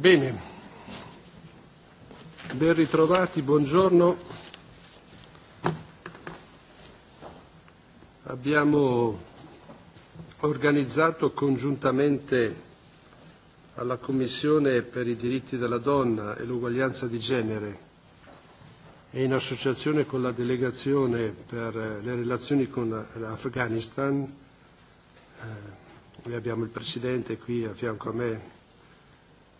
Bene. Ben ritrovati, buongiorno. Abbiamo organizzato congiuntamente alla Commissione per i diritti della donna e l'uguaglianza di genere e in associazione con la delegazione per le relazioni con l'Afghanistan, abbiamo il Presidente qui a fianco a me,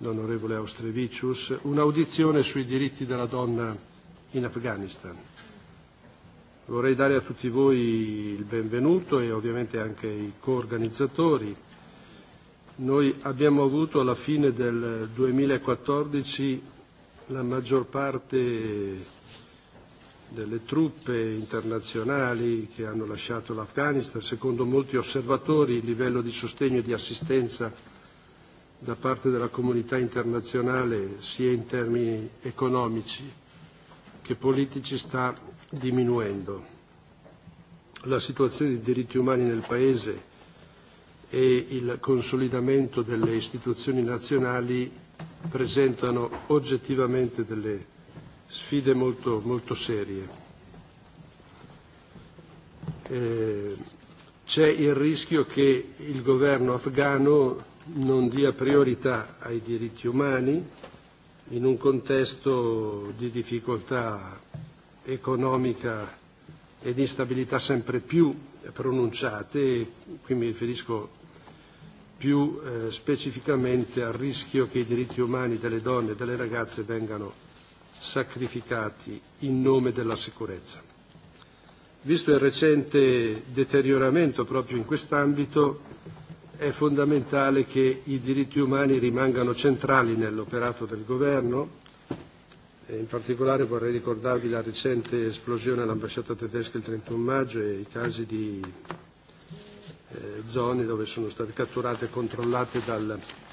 l'onorevole Austrevicius, un'audizione sui diritti della donna in Afghanistan. Vorrei dare a tutti voi il benvenuto e ovviamente anche ai coorganizzatori. Noi abbiamo avuto alla fine del 2014 la maggior parte delle truppe internazionali che hanno lasciato l'Afghanistan, secondo molti osservatori il livello di sostegno e di assistenza da parte della comunità internazionale sia in termini economici che politici sta diminuendo. La situazione dei diritti umani nel Paese e il consolidamento delle istituzioni nazionali presentano oggettivamente delle sfide molto, molto serie. C'è il rischio che il governo afghano non dia priorità ai diritti umani in un contesto di difficoltà economica e di instabilità sempre più pronunciate e qui mi riferisco più specificamente al rischio che i diritti umani delle donne e delle ragazze vengano sacrificati in nome della sicurezza. Visto il recente deterioramento proprio in quest'ambito è fondamentale che i diritti umani rimangano centrali nell'operato del governo. In particolare vorrei ricordarvi la recente esplosione all'ambasciata tedesca il 31 maggio e i casi di zone dove sono state catturate e controllate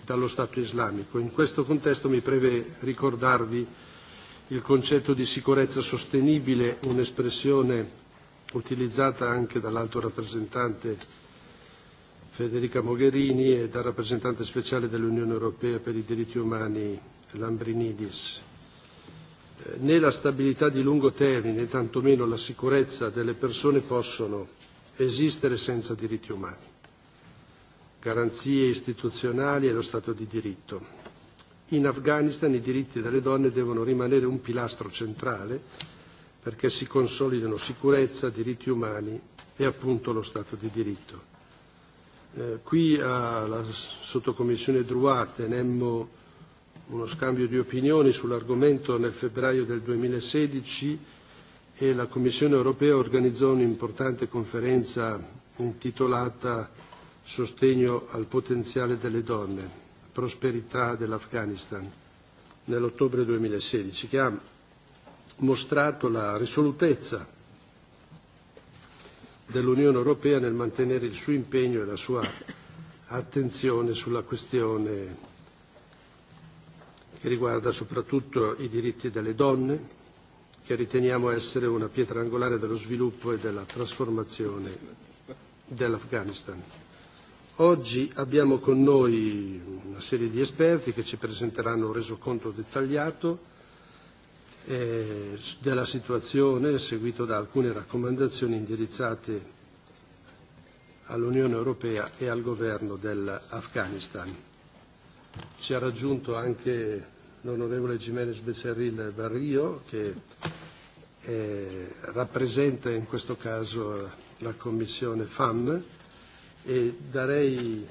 dallo Stato islamico. In questo contesto mi preve ricordarvi il concetto di sicurezza sostenibile, un'espressione utilizzata anche dall'alto rappresentante Federica Mogherini e dal rappresentante speciale dell'Unione Europea per i diritti umani Lambrinidis. Né la stabilità di lungo termine, né tantomeno la sicurezza delle persone possono esistere senza diritti umani, garanzie istituzionali e lo Stato di diritto. In Afghanistan i diritti delle donne devono rimanere un pilastro centrale perché si consolidano sicurezza, diritti umani e appunto lo Stato di diritto. Qui alla sottocommissione Drua tenemmo uno scambio di opinioni sull'argomento nel febbraio del 2016 e la Commissione europea organizzò un'importante conferenza intitolata Sostegno al potenziale delle donne, prosperità dell'Afghanistan, nell'ottobre 2016, che ha mostrato la risolutezza dell'Unione Europea nel mantenere il suo impegno e la sua attenzione sulla questione che riguarda soprattutto i diritti delle donne, che riteniamo essere una pietra angolare dello sviluppo e della trasformazione dell'Afghanistan. Oggi abbiamo con noi una serie di esperti che ci presenteranno un resoconto dettagliato della situazione, seguito da alcune raccomandazioni indirizzate all'Unione Europea e al governo dell'Afghanistan. Ci ha raggiunto anche l'onorevole Jiménez Becerril Barrio, che rappresenta in questo caso la Commissione FAM e darei,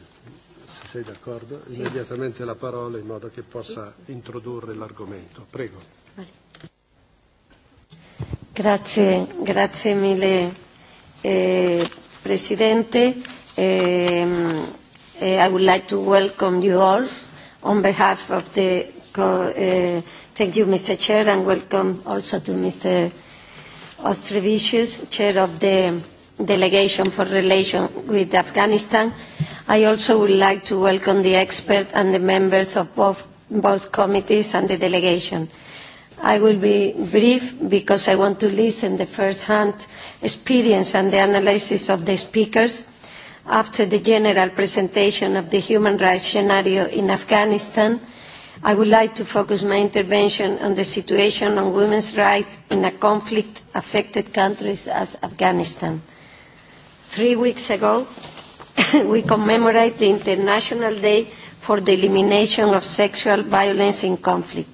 se sei d'accordo, immediatamente la parola in modo che possa introdurre l'argomento. Prego. Grazie, grazie mille eh, Presidente. eh, I would like to welcome you all on behalf of the thank you Mr. Chair and welcome also to Mr. Ostrevicius, Chair of the Delegation for Relations with Afghanistan. I also would like to welcome the experts and the members of both, both committees and the delegation. I will be brief because I want to listen the first-hand experience and the analysis of the speakers after the general presentation of the human rights scenario in Afghanistan. I would like to focus my intervention on the situation on women's rights in a conflict-affected country as Afghanistan. Three weeks ago, we commemorated the International Day for the Elimination of Sexual Violence in Conflict.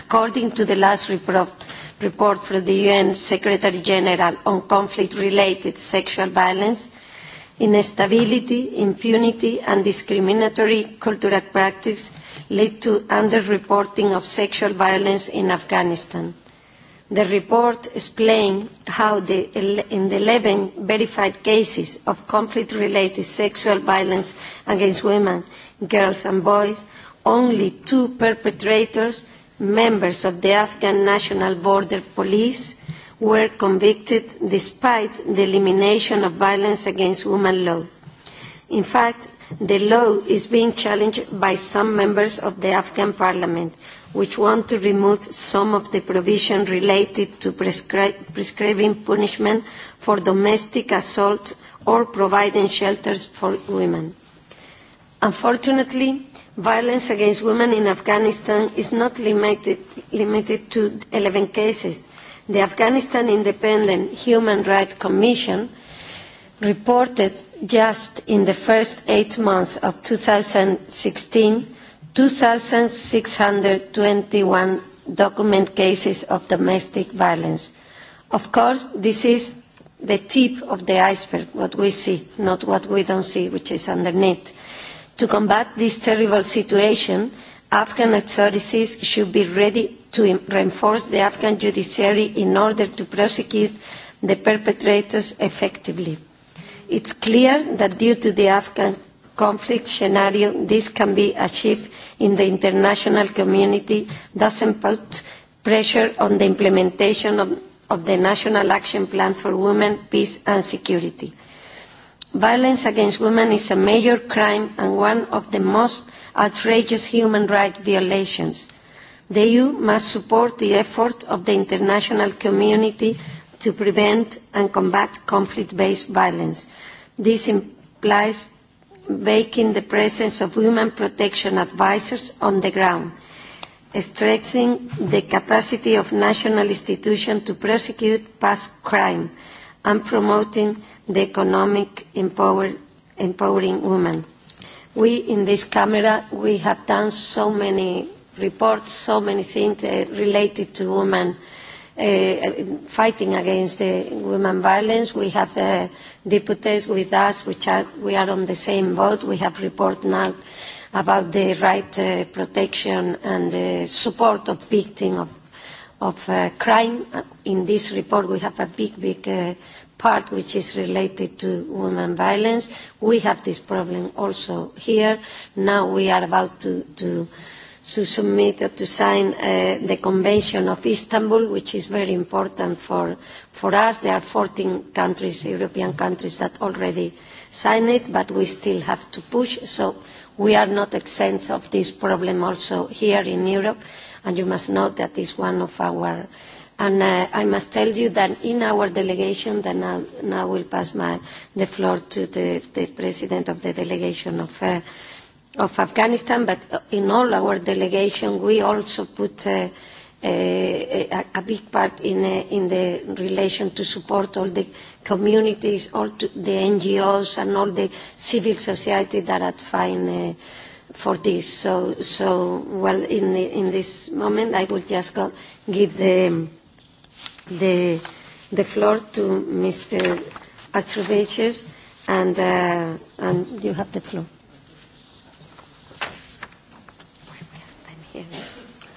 According to the last report from the UN Secretary General on conflict-related sexual violence, instability, impunity and discriminatory cultural practice lead to underreporting of sexual violence in Afghanistan. The report explained how in the 11 verified cases of conflict-related sexual violence against women, girls and boys, only two perpetrators members of the Afghan National Border Police were convicted despite the elimination of violence against women law. In fact, the law is being challenged by some members of the Afghan parliament, which want to remove some of the provision related to prescribing punishment for domestic assault or providing shelters for women. Unfortunately, Violence against women in Afghanistan is not limited to 11 cases. The Afghanistan Independent Human Rights Commission reported just in the first eight months of 2016 2,621 document cases of domestic violence. Of course, this is the tip of the iceberg, what we see, not what we don't see, which is underneath. To combat this terrible situation, Afghan authorities should be ready to reinforce the Afghan judiciary in order to prosecute the perpetrators effectively. It's clear that due to the Afghan conflict scenario, this can be achieved in the international community, thus put pressure on the implementation of the National Action Plan for Women, Peace and Security. Violence against women is a major crime and one of the most outrageous human rights violations. The EU must support the effort of the international community to prevent and combat conflict-based violence. This implies making the presence of women protection advisors on the ground, strengthening the capacity of national institutions to prosecute past crime, and promoting the economic empowering women. We in this Camera we have done so many reports, so many things related to women fighting against the women violence. We have deputies with us which are we are on the same boat. We have report now about the right protection and the support of victims of of crime. In this report we have a big, big part which is related to women violence. We have this problem also here. Now we are about to submit or to sign the Convention of Istanbul, which is very important for us. There are 14 countries, European countries, that already signed it, but we still have to push. So we are not exempt of this problem also here in Europe and you must know that is one of our and I must tell you that in our delegation that now now will pass my the floor to the the president of the delegation of of Afghanistan but in all our delegation we also put a big part in in the relation to support all the communities all the NGOs and all the civil society that are uh for this. So, so well, in in this moment, I will just go give the the the floor to Mr. Astroveches, and uh, and you have the floor.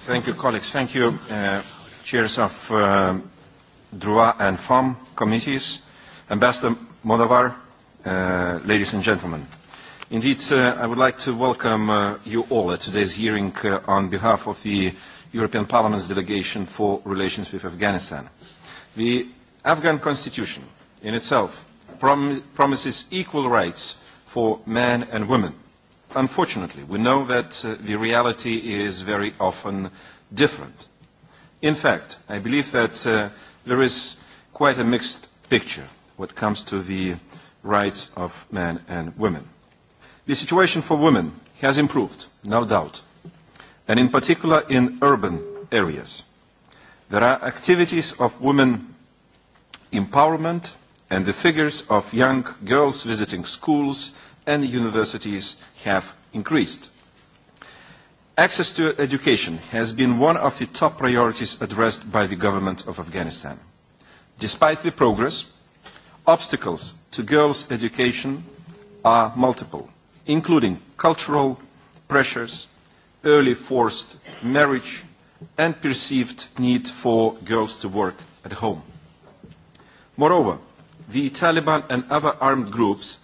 Thank you, colleagues. Thank you, uh, chairs of uh, DRUA and FOM committees, Ambassador Modavar, uh, ladies and gentlemen. Indeed, I would like to welcome you all at today's hearing on behalf of the European Parliament's delegation for relations with Afghanistan. The Afghan constitution in itself promises equal rights for men and women. Unfortunately, we know that the reality is very often different. In fact, I believe that there is quite a mixed picture when it comes to the rights of men and women. The situation for women has improved, no doubt, and in particular in urban areas. There are activities of women empowerment and the figures of young girls visiting schools and universities have increased. Access to education has been one of the top priorities addressed by the government of Afghanistan. Despite the progress, obstacles to girls' education are multiple including cultural pressures, early forced marriage, and perceived need for girls to work at home. Moreover, the Taliban and other armed groups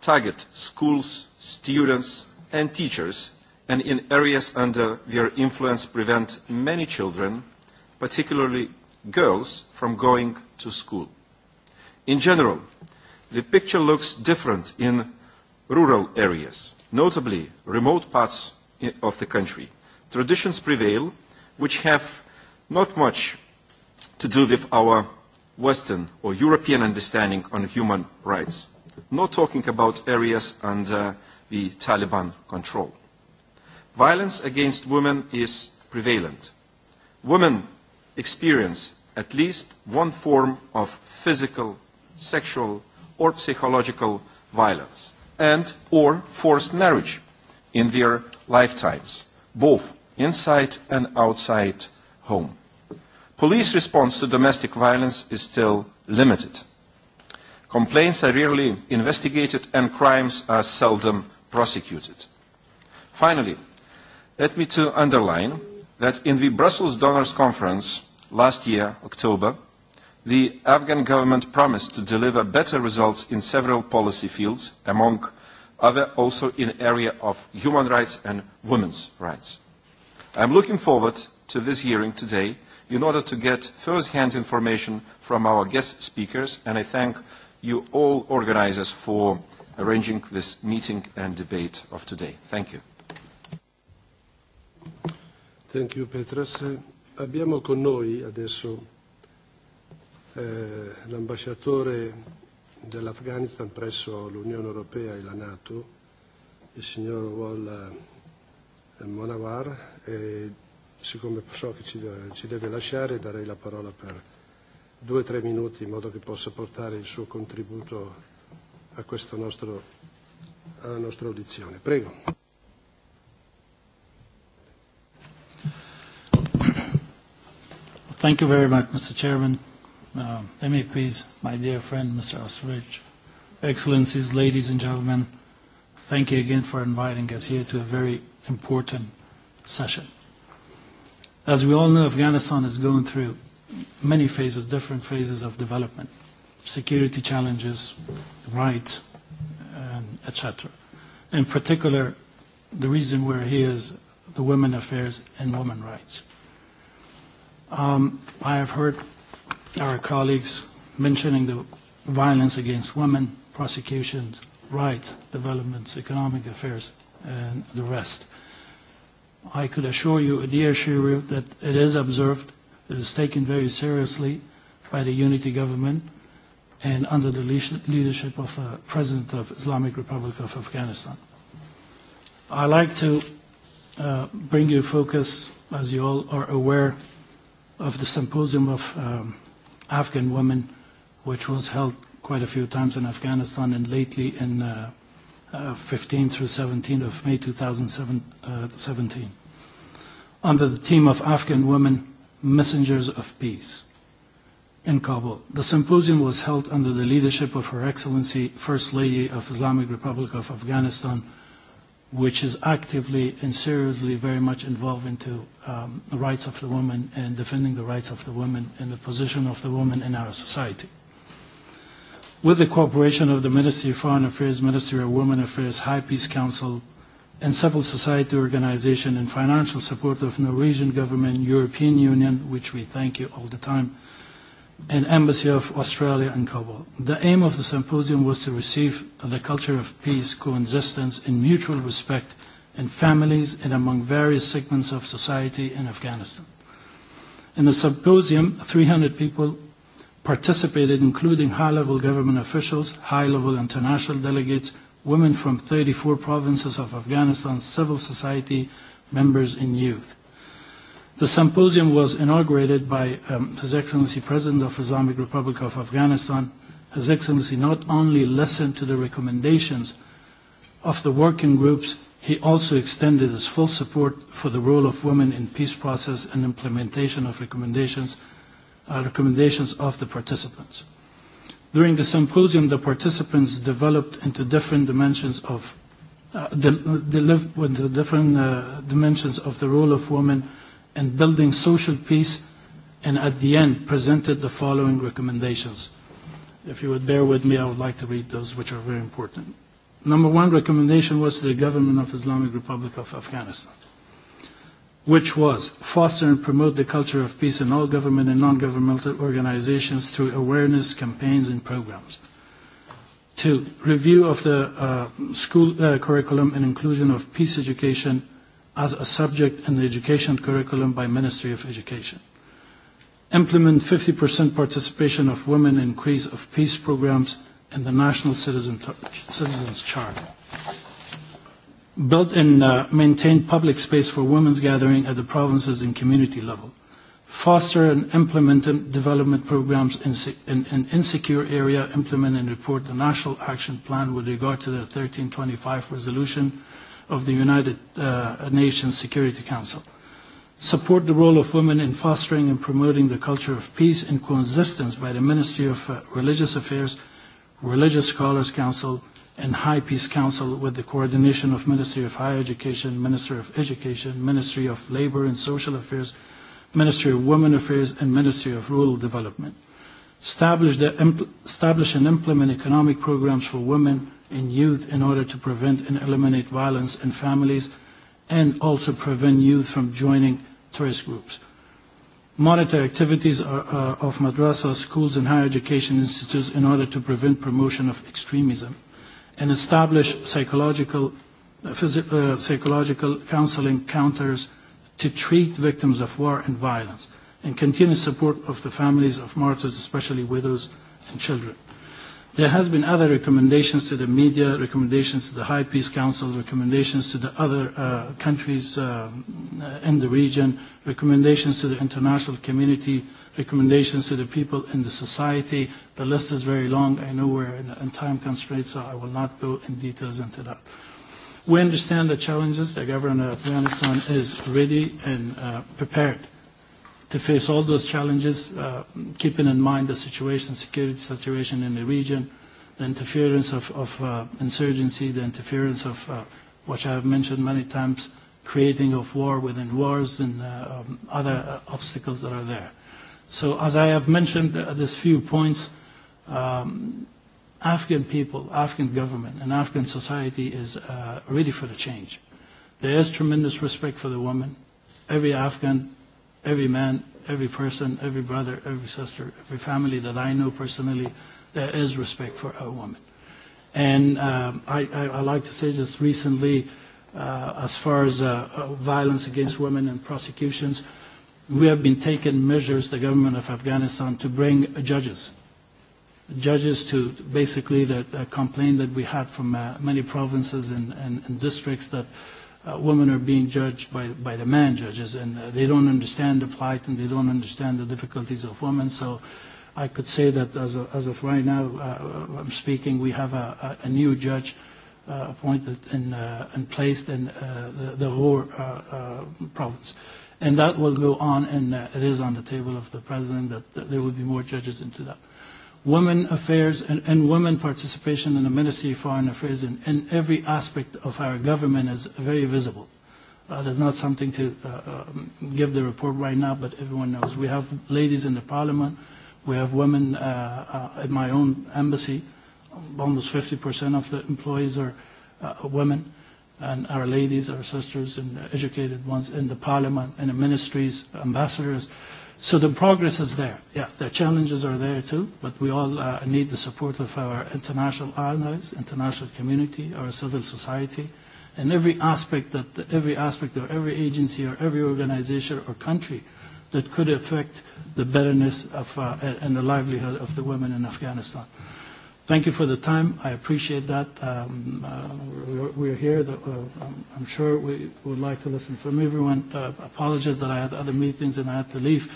target schools, students, and teachers, and in areas under their influence prevent many children, particularly girls, from going to school. In general, the picture looks different in rural areas, notably remote parts of the country. Traditions prevail which have not much to do with our Western or European understanding on human rights, not talking about areas under the Taliban control. Violence against women is prevalent. Women experience at least one form of physical, sexual or psychological violence and or forced marriage in their lifetimes, both inside and outside home. Police response to domestic violence is still limited. Complaints are rarely investigated and crimes are seldom prosecuted. Finally, let me to underline that in the Brussels Donors Conference last year, October, The Afghan government promised to deliver better results in several policy fields, among other also in area of human rights and women's rights. I am looking forward to this hearing today in order to get first-hand information from our guest speakers, and I thank you all organizers for arranging this meeting and debate of today. Thank you. Thank you, l'ambasciatore dell'Afghanistan presso l'Unione Europea e la Nato, il signor Wall Monawar, e siccome so che ci deve lasciare darei la parola per due o tre minuti in modo che possa portare il suo contributo a questo nostro, alla nostra audizione. Prego. Thank you very much, Mr. Chairman. MEPs, my dear friend Mr. Osterich, Excellencies, ladies and gentlemen, thank you again for inviting us here to a very important session. As we all know, Afghanistan is going through many phases, different phases of development, security challenges, rights, etc. In particular, the reason we're here is the women affairs and women rights. I have heard our colleagues mentioning the violence against women, prosecutions, rights, developments, economic affairs, and the rest. I could assure you, dear Shiru, that it is observed, it is taken very seriously by the unity government and under the leadership of the President of the Islamic Republic of Afghanistan. I'd like to bring you focus, as you all are aware, of the symposium of Afghan women, which was held quite a few times in Afghanistan and lately in 15 through 17 of May 2017, under the theme of Afghan Women, Messengers of Peace, in Kabul. The symposium was held under the leadership of Her Excellency First Lady of Islamic Republic of Afghanistan, which is actively and seriously very much involved into the rights of the woman and defending the rights of the woman and the position of the woman in our society. With the cooperation of the Ministry of Foreign Affairs, Ministry of Women Affairs, High Peace Council, and civil society organization and financial support of Norwegian government, European Union, which we thank you all the time, and Embassy of Australia in Kabul. The aim of the symposium was to receive the culture of peace, coexistence, and mutual respect in families and among various segments of society in Afghanistan. In the symposium, 300 people participated, including high-level government officials, high-level international delegates, women from 34 provinces of Afghanistan, civil society members, and youth. The symposium was inaugurated by His Excellency President of the Islamic Republic of Afghanistan. His Excellency not only listened to the recommendations of the working groups, he also extended his full support for the role of women in peace process and implementation of recommendations recommendations of the participants. During the symposium, the participants developed into different dimensions of the different dimensions of the role of women and building social peace, and at the end presented the following recommendations. If you would bear with me, I would like to read those, which are very important. Number one recommendation was to the government of Islamic Republic of Afghanistan, which was foster and promote the culture of peace in all government and non-governmental organizations through awareness campaigns and programs. Two, review of the school curriculum and inclusion of peace education as a subject in the education curriculum by Ministry of Education. Implement 50% participation of women in increase of peace programs in the National Citizens Charter. Build and maintain public space for women's gathering at the provinces and community level. Foster and implement development programs in an insecure area. Implement and report the National Action Plan with regard to the 1325 resolution of the United Nations Security Council. Support the role of women in fostering and promoting the culture of peace and coexistence by the Ministry of Religious Affairs, Religious Scholars Council, and High Peace Council with the coordination of Ministry of Higher Education, Ministry of Education, Ministry of Labour and Social Affairs, Ministry of Women Affairs, and Ministry of Rural Development. Establish and implement economic programs for women in youth in order to prevent and eliminate violence in families and also prevent youth from joining terrorist groups. Monitor activities of madrasa schools and higher education institutes in order to prevent promotion of extremism and establish psychological psychological counseling counters to treat victims of war and violence and continue support of the families of martyrs, especially widows and children. There has been other recommendations to the media, recommendations to the High Peace Council, recommendations to the other countries in the region, recommendations to the international community, recommendations to the people in the society. The list is very long. I know we're in time constraints, so I will not go in details into that. We understand the challenges. The government of Afghanistan is ready and prepared to face all those challenges, keeping in mind the situation, security situation in the region, the interference of insurgency, the interference of, which I have mentioned many times, creating of war within wars and other obstacles that are there. So as I have mentioned these few points, Afghan people, Afghan government, and Afghan society is ready for the change. There is tremendous respect for the women. Every Afghan every man, every person, every brother, every sister, every family that I know personally, there is respect for a woman. And I, I, like to say just recently, as far as violence against women and prosecutions, we have been taking measures, the government of Afghanistan, to bring judges judges to basically the complaint that we had from many provinces and districts that women are being judged by by the man judges and they don't understand the plight and they don't understand the difficulties of women. So I could say that as as of right now I'm speaking we have a new judge appointed and and placed in the Ruhr province. And that will go on and it is on the table of the President that there will be more judges into that women affairs and women participation in the Ministry of Foreign Affairs in every aspect of our government is very visible. There's not something to give the report right now, but everyone knows. We have ladies in the parliament. We have women at my own embassy. Almost 50% of the employees are women, and our ladies, our sisters, and educated ones in the parliament, in the ministries, ambassadors. So the progress is there. Yeah, the challenges are there too, but we all need the support of our international allies, international community, our civil society, and every aspect that every aspect of every agency or every organization or country that could affect the betterness of and the livelihood of the women in Afghanistan. Thank you for the time. I appreciate that. We're here. I'm sure we would like to listen from everyone. Apologies that I had other meetings and I had to leave,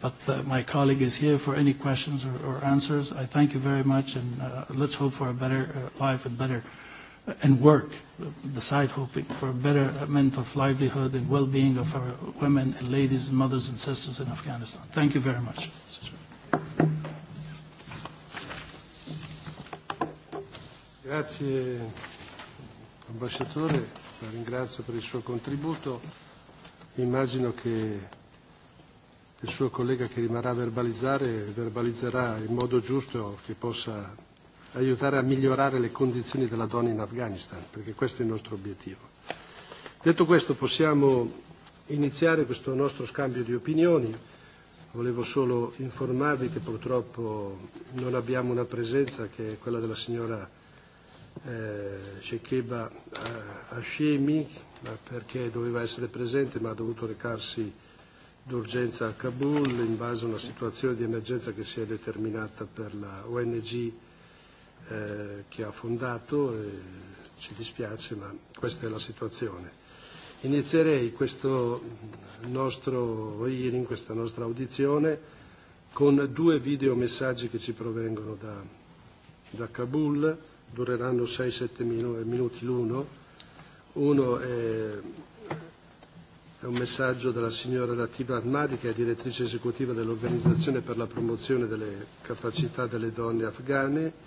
but my colleague is here for any questions or answers. I thank you very much, and let's hope for a better life and better and work, beside hoping for a better mental livelihood and well-being of our women and ladies, and mothers and sisters in Afghanistan. Thank you very much. Grazie, ambasciatore, la ringrazio per il suo contributo. Immagino che il suo collega che rimarrà a verbalizzare verbalizzerà in modo giusto che possa aiutare a migliorare le condizioni della donna in Afghanistan, perché questo è il nostro obiettivo. Detto questo possiamo iniziare questo nostro scambio di opinioni. Volevo solo informarvi che purtroppo non abbiamo una presenza che è quella della signora Cecheba Hashemi perché doveva essere presente ma ha dovuto recarsi d'urgenza a Kabul in base a una situazione di emergenza che si è determinata per la ONG che ha fondato e ci dispiace ma questa è la situazione. Inizierei questo nostro hearing, questa nostra audizione con due videomessaggi che ci provengono da Kabul dureranno 6-7 minuti l'uno. Uno è un messaggio della signora Latiba Ahmadi, che è direttrice esecutiva dell'Organizzazione per la promozione delle capacità delle donne afghane,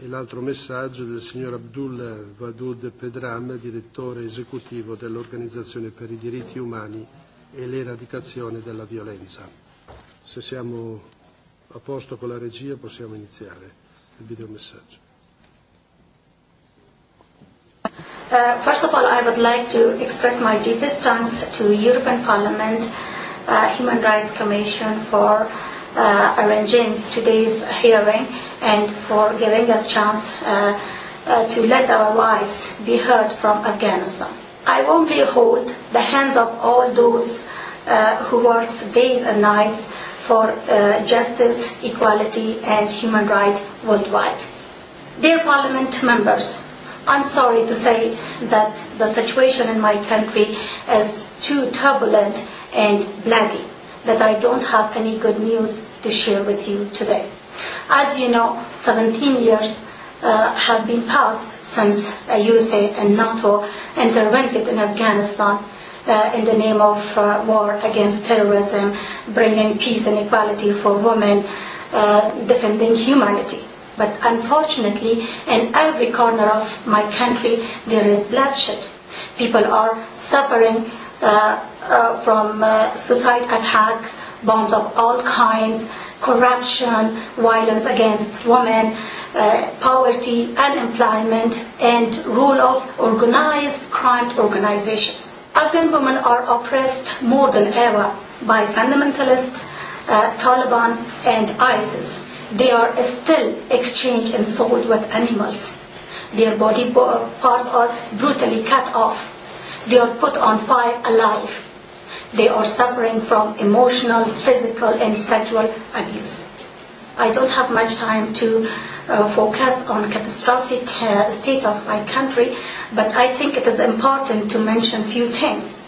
e l'altro messaggio del signor Abdul Wadud Pedram, direttore esecutivo dell'Organizzazione per i diritti umani e l'eradicazione della violenza. Se siamo a posto con la regia possiamo iniziare il videomessaggio. First of all, I would like to express my deepest thanks to European Parliament, Human Rights Commission for arranging today's hearing and for giving us chance to let our voice be heard from Afghanistan. I warmly hold the hands of all those who work days and nights for justice, equality and human rights worldwide. Dear Parliament members, I'm sorry to say that the situation in my country is too turbulent and bloody that I don't have any good news to share with you today. As you know, 17 years have been passed since the USA and NATO intervened in Afghanistan in the name of war against terrorism, bringing peace and equality for women, defending humanity. But unfortunately, in every corner of my country, there is bloodshed. People are suffering from suicide attacks, bombs of all kinds, corruption, violence against women, poverty, unemployment, and rule of organized crime organizations. Afghan women are oppressed more than ever by fundamentalists, Taliban, and ISIS They are still exchanged and sold with animals. Their body parts are brutally cut off. They are put on fire alive. They are suffering from emotional, physical and sexual abuse. I don't have much time to focus on catastrophic state of my country, but I think it is important to mention few things.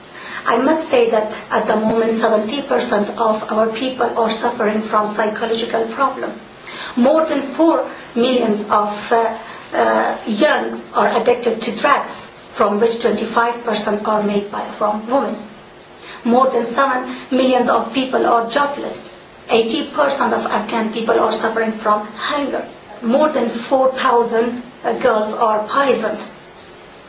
I must say that at the moment 70% of our people are suffering from psychological problems. More than 4 millions of young are addicted to drugs, from which 25% are made by from women. More than 7 millions of people are jobless. 80% of Afghan people are suffering from hunger. More than 4,000 girls are poisoned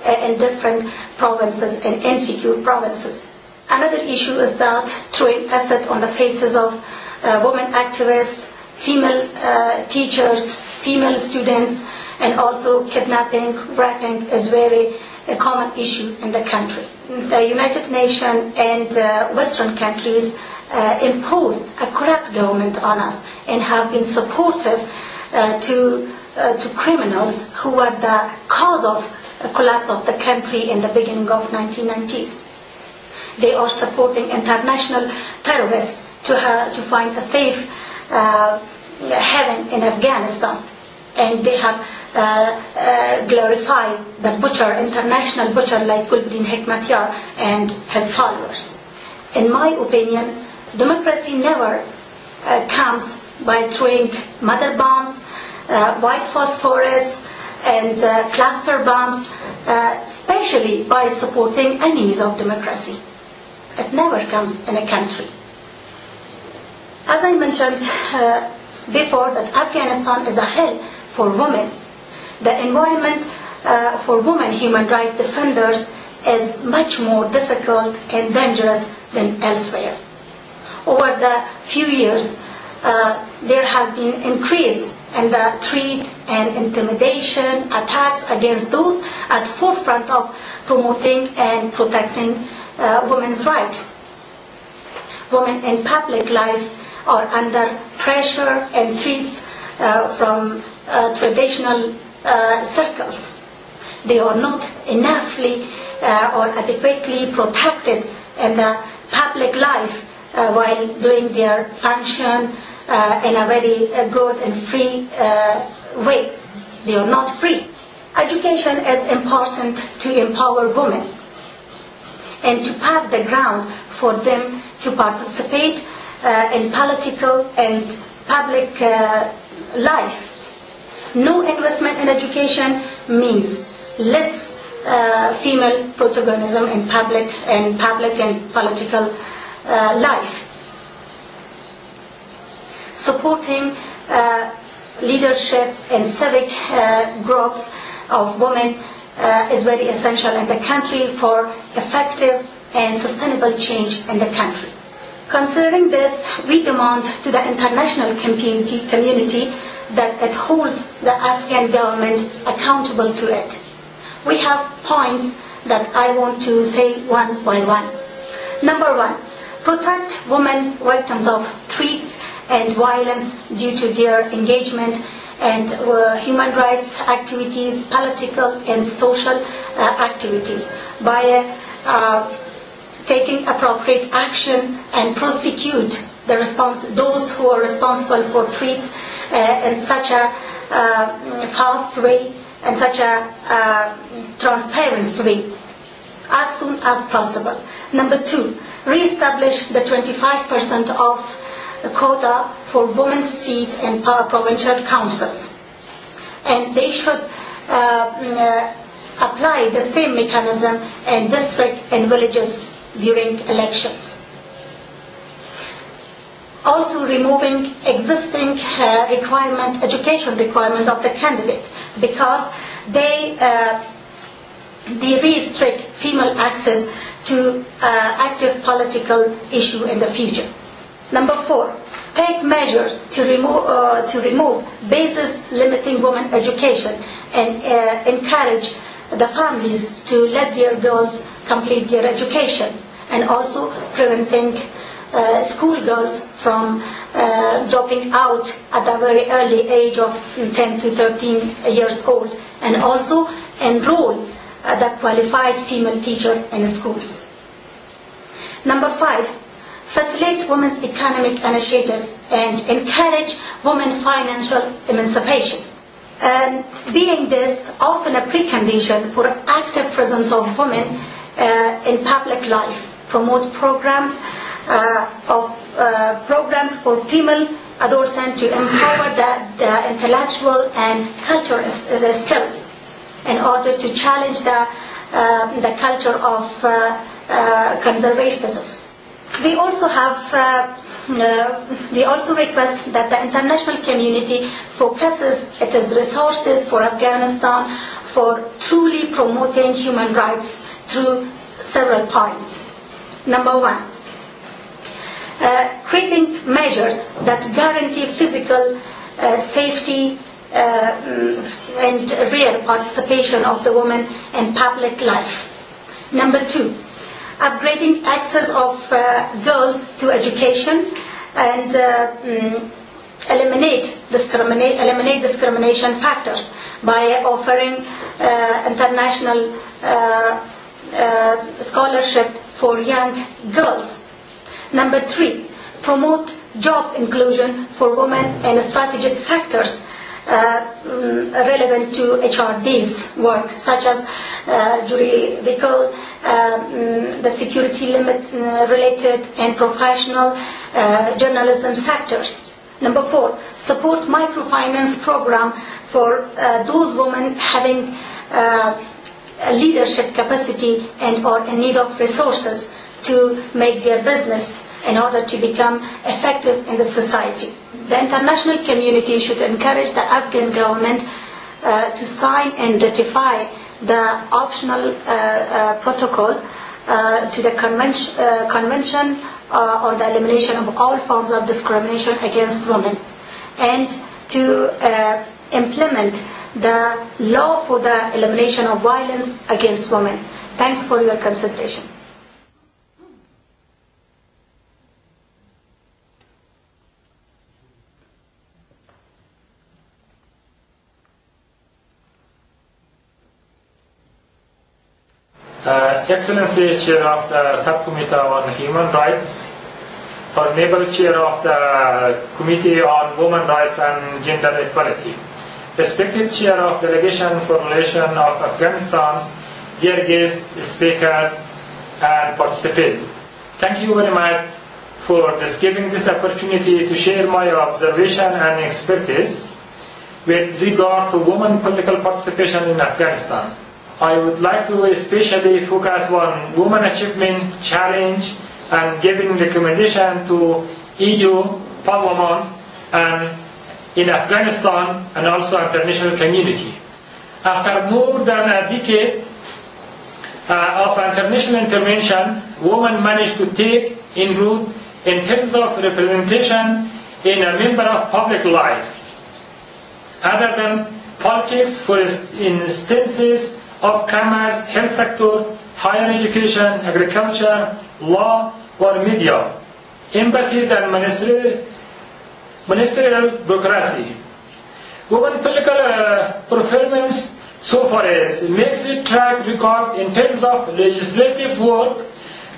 in different provinces and insecure provinces. Another issue is that throwing acid on the faces of women activists female teachers, female students, and also kidnapping, raping is very a common issue in the country. The United Nations and Western countries imposed a corrupt government on us and have been supportive to to criminals who were the cause of the collapse of the country in the beginning of 1990s. They are supporting international terrorists to to find a safe heaven in Afghanistan and they have glorified the butcher, international butcher like Gulbuddin Hekmatyar and his followers. In my opinion, democracy never comes by throwing mother bombs, white phosphorus, and cluster bombs, especially by supporting enemies of democracy. It never comes in a country. As I mentioned before, that Afghanistan is a hell for women. The environment for women human rights defenders is much more difficult and dangerous than elsewhere. Over the few years, there has been increase in the threat and intimidation attacks against those at forefront of promoting and protecting women's rights. Women in public life or under pressure and threats from traditional circles. They are not enoughly or adequately protected in the public life while doing their function in a very good and free way. They are not free. Education is important to empower women and to pave the ground for them to participate in political and public life. No investment in education means less female protagonism in public and public and political life. Supporting leadership and civic groups of women is very essential in the country for effective and sustainable change in the country. Considering this, we demand to the international community that it holds the Afghan government accountable to it. We have points that I want to say one by one. Number one, protect women victims of threats and violence due to their engagement and human rights activities, political and social activities by taking appropriate action and prosecute the response those who are responsible for tweets in such a fast way and such a transparent way as soon as possible. Number two, re-establish the 25% of quota for women's seats in provincial councils. And they should apply the same mechanism in district and villages during elections. Also removing existing requirement, education requirement of the candidate because they they restrict female access to active political issue in the future. Number four, take measures to remove to remove basis limiting women education and encourage the families to let their girls complete their education and also preventing schoolgirls from dropping out at a very early age of 10 to 13 years old and also enroll the qualified female teacher in schools. Number five, facilitate women's economic initiatives and encourage women's financial emancipation. And being this often a precondition for active presence of women in public life promote programs of programs for female adolescents to empower the intellectual and cultural skills in order to challenge the the culture of conservationism. We also have we also request that the international community focuses its resources for Afghanistan for truly promoting human rights through several points. Number one, creating measures that guarantee physical safety and real participation of the women in public life. Number two, upgrading access of girls to education and eliminate discriminate eliminate discrimination factors by offering international scholarship for young girls. Number three, promote job inclusion for women in strategic sectors relevant to HRD's work, such as juridical, the security limit related and professional journalism sectors. Number four, support microfinance program for those women having leadership capacity and or a need of resources to make their business in order to become effective in the society. The international community should encourage the Afghan government to sign and ratify the optional protocol to the Convention on the Elimination of All Forms of Discrimination Against Women and to implement the law for the elimination of violence against women. Thanks for your consideration. Uh Excellency Chair of the Subcommittee on Human Rights, Honorable Chair of the Committee on Women Rights and Gender Equality, respected chair of delegation for of Afghanistan's dear guest, speaker, and participant. Thank you very much for this giving this opportunity to share my observation and expertise with regard to women political participation in Afghanistan. I would like to especially focus on women achievement challenge and giving recommendation to EU Parliament and in Afghanistan and also international community. After more than a decade of international intervention, women managed to take in root in terms of representation in a member of public life. Other than politics, for instances of commerce, health sector, higher education, agriculture, law, or media, embassies and ministry ministerial bureaucracy. Women political performance so far as makes it track record in terms of legislative work,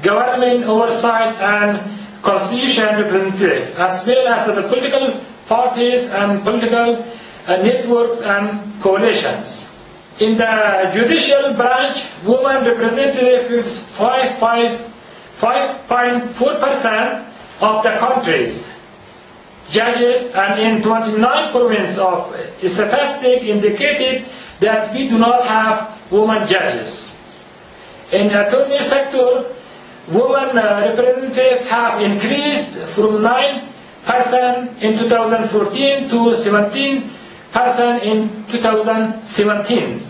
government oversight and constitution representative, as well as the political parties and political networks and coalitions. In the judicial branch, women representatives 5.4% of the countries judges, and in 29 provinces of statistics indicated that we do not have women judges. In the attorney sector, women representatives have increased from 9% in 2014 to 17% in 2017.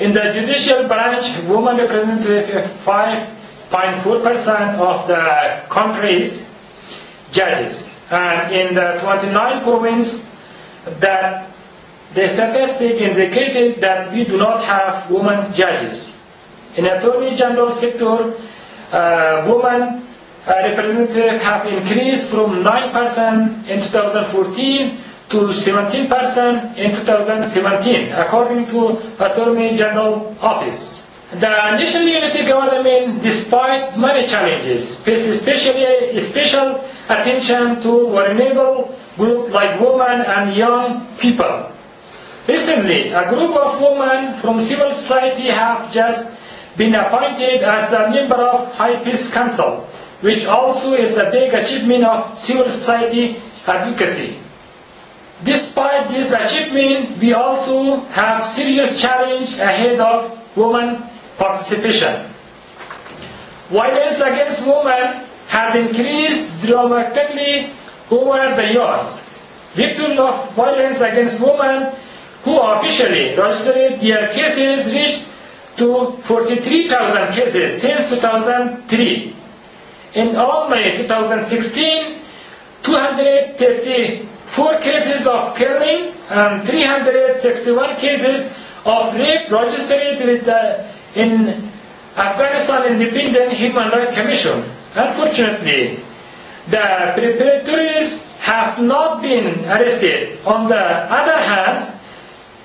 In the judicial branch, women representative 5.4% of the country's judges and in the 29 province that the statistic indicated that we do not have women judges. In the attorney general sector, uh, women representatives have increased from 9% in 2014 to 17% in 2017, according to Attorney General Office. The National Unity Government, despite many challenges, especially especially, attention to vulnerable groups like women and young people. Recently, a group of women from civil society have just been appointed as a member of High Peace Council, which also is a big achievement of civil society advocacy. Despite this achievement, we also have serious challenge ahead of women participation. Violence against women has increased dramatically over the years. Victims of violence against women who officially registered their cases reached to 43,000 cases since 2003. In all May 2016, 234 cases of killing and 361 cases of rape registered with the, in Afghanistan Independent Human Rights Commission. Unfortunately, the preparatories have not been arrested. On the other hand,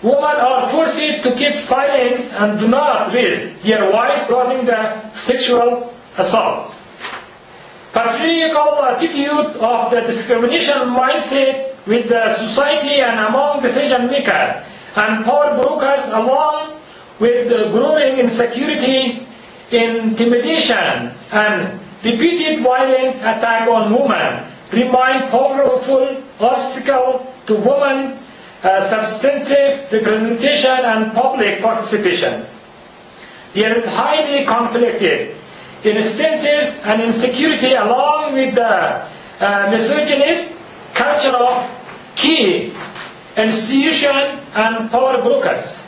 women are forced to keep silence and do not risk their wives regarding the sexual assault. Patriarchal attitude of the discrimination mindset with the society and among decision makers and power brokers along with the growing insecurity, intimidation and Repeated violent attack on women remain powerful obstacle to women substantive representation and public participation. There is highly conflicted instances and insecurity along with the misogynist culture of key institutions and power brokers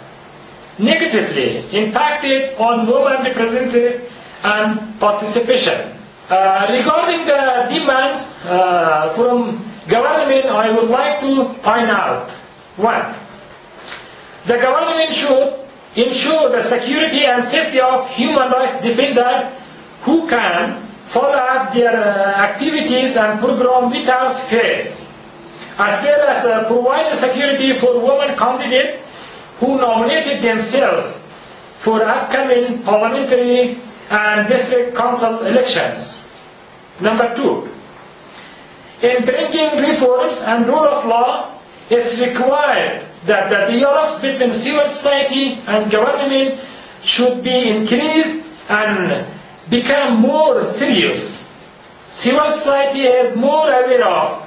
negatively impacted on women representative and participation. Regarding the demand from government, I would like to point out one, the government should ensure the security and safety of human rights defenders who can follow up their activities and program without fears, as well as provide security for women candidates who nominated themselves for upcoming parliamentary and district council elections. Number two, in bringing reforms and rule of law, it's required that the dialogues between civil society and government should be increased and become more serious. Civil society is more aware of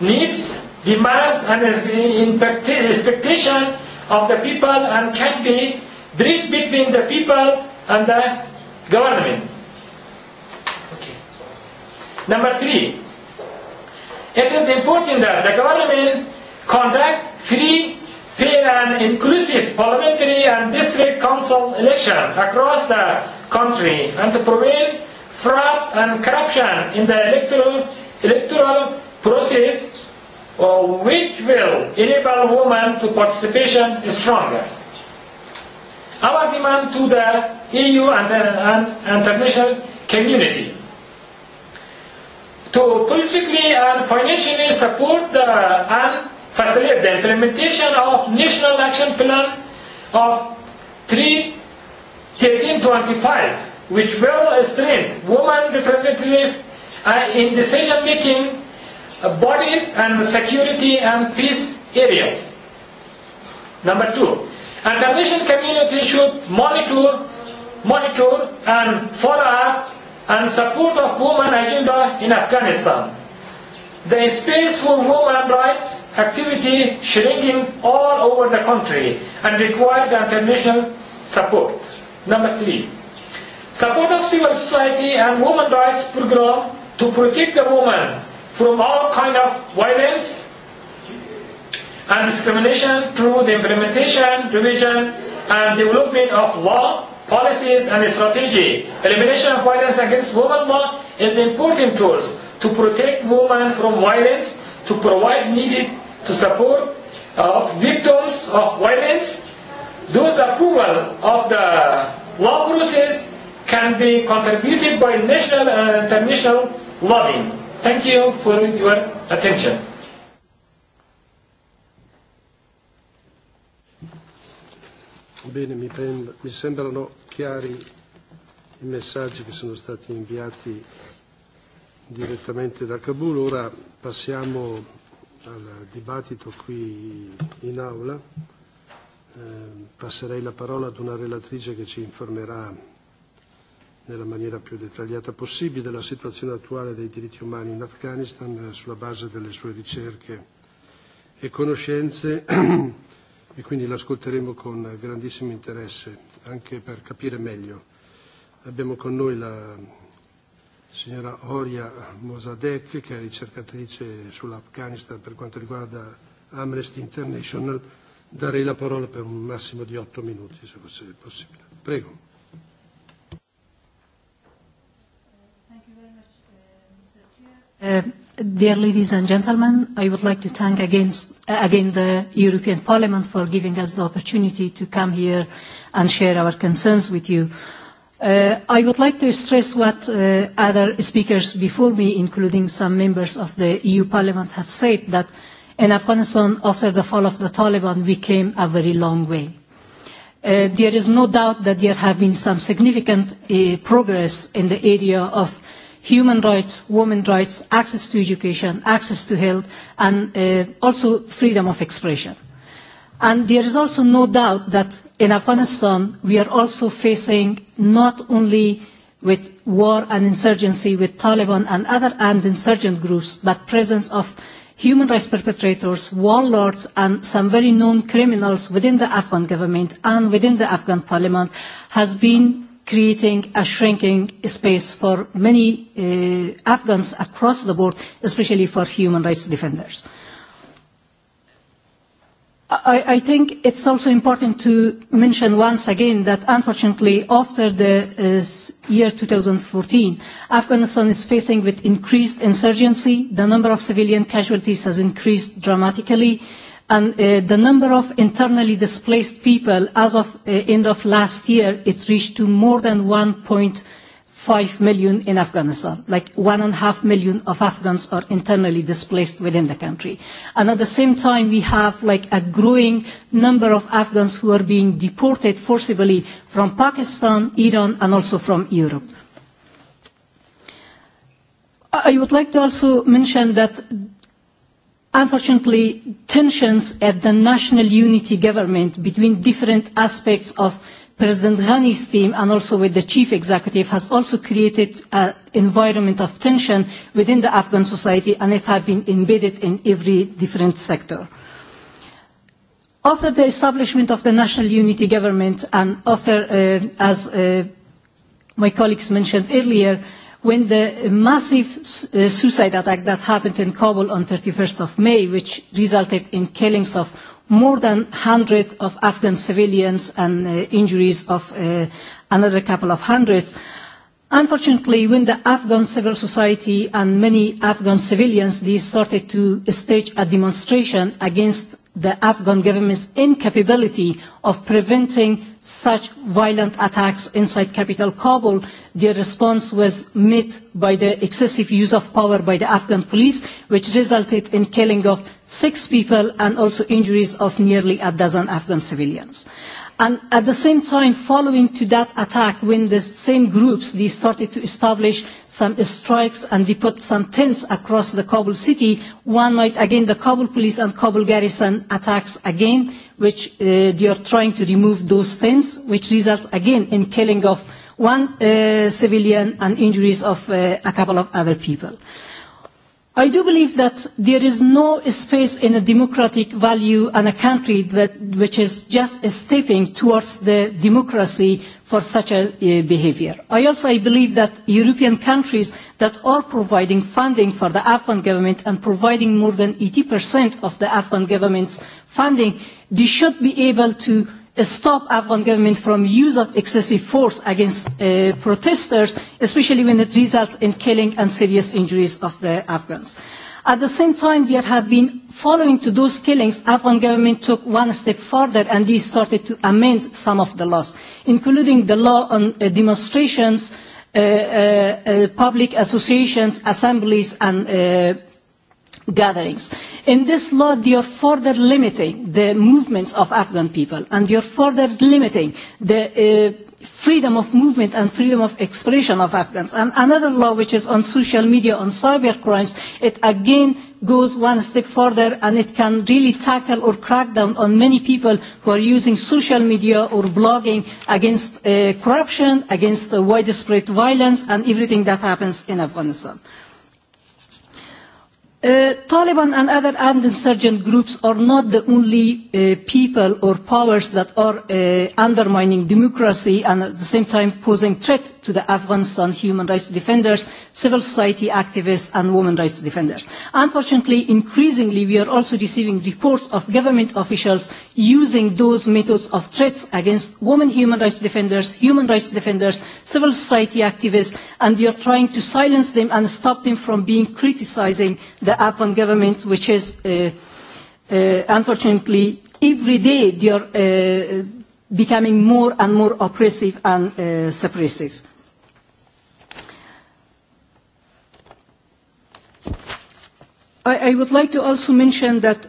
needs, demands, and expectations of the people and can be bridged between the people and the government. Okay. Number three, it is important that the government conduct free, fair and inclusive parliamentary and district council election across the country and to prevent fraud and corruption in the electoral, electoral process which will enable women to participation stronger our demand to the EU and the international community to politically and financially support the and facilitate the implementation of National Action Plan of 3.13.25 which will strengthen women representative in decision-making bodies and security and peace area. Number two, International community should monitor, monitor and follow up and support of women agenda in Afghanistan. There is space for women rights activity shrinking all over the country and require the international support. Number three, support of civil society and women rights program to protect the women from all kind of violence, and discrimination through the implementation, revision, and development of law, policies, and strategy. Elimination of violence against women law is important tools to protect women from violence, to provide needed to support of victims of violence. Those approval of the law process can be contributed by national and international lobbying. Thank you for your attention. Bene, mi sembrano chiari i messaggi che sono stati inviati direttamente da Kabul. Ora passiamo al dibattito qui in aula. Passerei la parola ad una relatrice che ci informerà nella maniera più dettagliata possibile della situazione attuale dei diritti umani in Afghanistan sulla base delle sue ricerche e conoscenze e quindi l'ascolteremo con grandissimo interesse anche per capire meglio. Abbiamo con noi la signora Oria Mosadek che è ricercatrice sull'Afghanistan per quanto riguarda Amnesty International. Darei la parola per un massimo di otto minuti se fosse possibile. Prego. Dear ladies and gentlemen, I would like to thank again the European Parliament for giving us the opportunity to come here and share our concerns with you. I would like to stress what other speakers before me, including some members of the EU Parliament, have said, that in Afghanistan, after the fall of the Taliban, we came a very long way. There is no doubt that there have been some significant progress in the area of human rights, women's rights, access to education, access to health, and also freedom of expression. And there is also no doubt that in Afghanistan we are also facing not only with war and insurgency with Taliban and other armed insurgent groups, but presence of human rights perpetrators, warlords and some very known criminals within the Afghan government and within the Afghan parliament has been creating a shrinking space for many Afghans across the board, especially for human rights defenders. I think it's also important to mention once again that unfortunately after the year 2014, Afghanistan is facing with increased insurgency. The number of civilian casualties has increased dramatically and the number of internally displaced people as of end of last year it reached to more than 1.5 million in Afghanistan like one and a half million of Afghans are internally displaced within the country and at the same time we have like a growing number of Afghans who are being deported forcibly from Pakistan Iran and also from Europe I would like to also mention that Unfortunately, tensions at the national unity government between different aspects of President Ghani's team and also with the chief executive has also created an environment of tension within the Afghan society and it have been embedded in every different sector. After the establishment of the national unity government and after, as my colleagues mentioned earlier, when the massive suicide attack that happened in Kabul on 31st of May, which resulted in killings of more than hundreds of Afghan civilians and injuries of another couple of hundreds. Unfortunately, when the Afghan civil society and many Afghan civilians, they started to stage a demonstration against the Afghan government's incapability of preventing such violent attacks inside capital Kabul. The response was met by the excessive use of power by the Afghan police, which resulted in killing of six people and also injuries of nearly a dozen Afghan civilians at the same time, following to that attack, when the same groups, they started to establish some strikes and they put some tents across the Kabul city, one night again the Kabul police and Kabul garrison attacks again, which they are trying to remove those tents, which results again in killing of one civilian and injuries of a couple of other people. I do believe that there is no space in a democratic value and a country which is just stepping towards the democracy for such a behaviour. I also believe that European countries that are providing funding for the Afghan government and providing more than 80% of the Afghan government's funding, they should be able to stop Afghan government from use of excessive force against protesters, especially when it results in killing and serious injuries of the Afghans. At the same time, there have been, following to those killings, Afghan government took one step further and they started to amend some of the laws, including the law on demonstrations, public associations, assemblies and gatherings. In this law, they are further limiting the movements of Afghan people and they are further limiting the freedom of movement and freedom of expression of Afghans. And another law which is on social media, on cyber crimes, it again goes one step further and it can really tackle or crack down on many people who are using social media or blogging against corruption, against widespread violence and everything that happens in Afghanistan. Taliban and other insurgent groups are not the only people or powers that are undermining democracy and at the same time posing threat to the Afghanistan human rights defenders, civil society activists and women rights defenders. Unfortunately, increasingly we are also receiving reports of government officials using those methods of threats against women human rights defenders, human rights defenders, civil society activists, and we are trying to silence them and stop them from being criticizing the Afghan government, which is unfortunately every day they are becoming more and more oppressive and suppressive. I would like to also mention that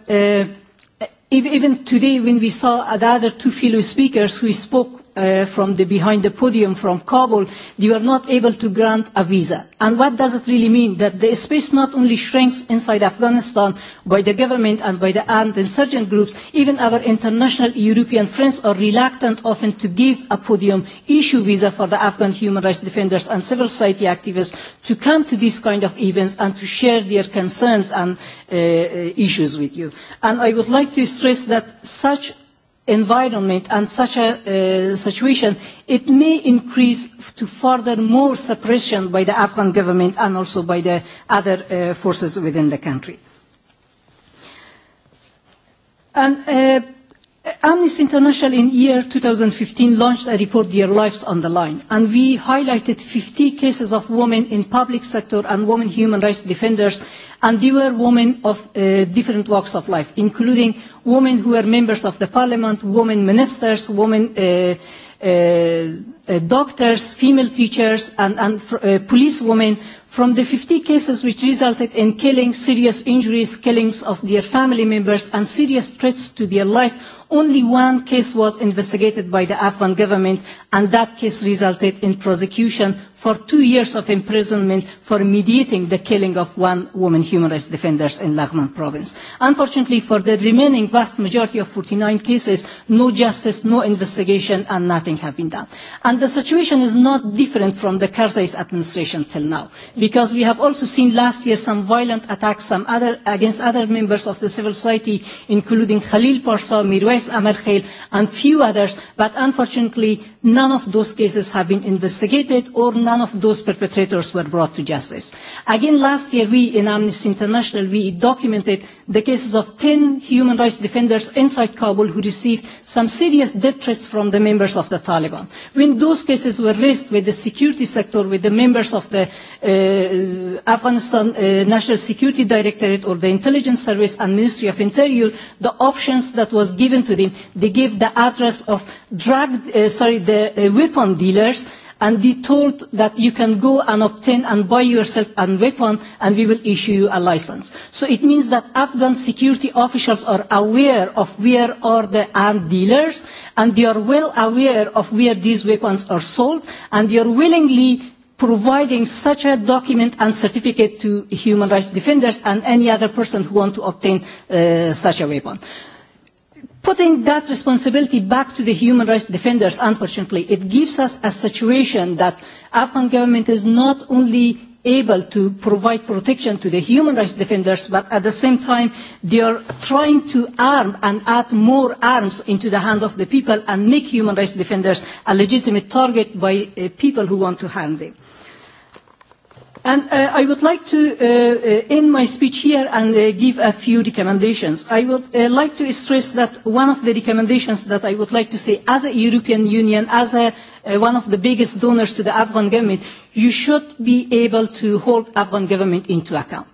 even today when we saw the other two fellow speakers who spoke from the behind the podium from Kabul, they are not able to grant a visa. And what does it really mean? That the space not only shrinks inside Afghanistan by the government and by the armed insurgent groups, even our international European friends are reluctant often to give a podium issue visa for the Afghan human rights defenders and civil society activists to come to these kind of events and to share their concerns and issues with you. And I would like to stress that such environment and such a situation, it may increase to further more suppression by the Afghan government and also by the other forces within the country. Amnesty International in year 2015 launched a report, Their Lives on the Line, and we highlighted 50 cases of women in public sector and women human rights defenders, and they were women of different walks of life, including women who were members of the parliament, women ministers, women doctors, female teachers, and police women From the 50 cases which resulted in killing serious injuries, killings of their family members and serious threats to their life, only one case was investigated by the Afghan government and that case resulted in prosecution for two years of imprisonment for mediating the killing of one woman human rights defenders in Laghman province. Unfortunately for the remaining vast majority of 49 cases, no justice, no investigation and nothing has been done. And the situation is not different from the Karzai's administration till now because we have also seen last year some violent attacks against other members of the civil society, including Khalil Parsa, Mirwais Khail and few others, but unfortunately none of those cases have been investigated or none of those perpetrators were brought to justice. Again, last year we in Amnesty International, we documented the cases of 10 human rights defenders inside Kabul who received some serious death threats from the members of the Taliban. When those cases were raised with the security sector, with the members of the Afghanistan National Security Directorate or the Intelligence Service and Ministry of Interior the options that was given to them. They gave the address of drug, sorry, the weapon dealers and they told that you can go and obtain and buy yourself a weapon and we will issue you a license. So it means that Afghan security officials are aware of where are the armed dealers and they are well aware of where these weapons are sold and they are willingly providing such a document and certificate to human rights defenders and any other person who want to obtain such a weapon. Putting that responsibility back to the human rights defenders, unfortunately, it gives us a situation that Afghan government is not only able to provide protection to the human rights defenders, but at the same time they are trying to arm and add more arms into the hand of the people and make human rights defenders a legitimate target by people who want to harm them. And I would like to end my speech here and give a few recommendations. I would like to stress that one of the recommendations that I would like to say as a European Union, as one of the biggest donors to the Afghan government, you should be able to hold Afghan government into account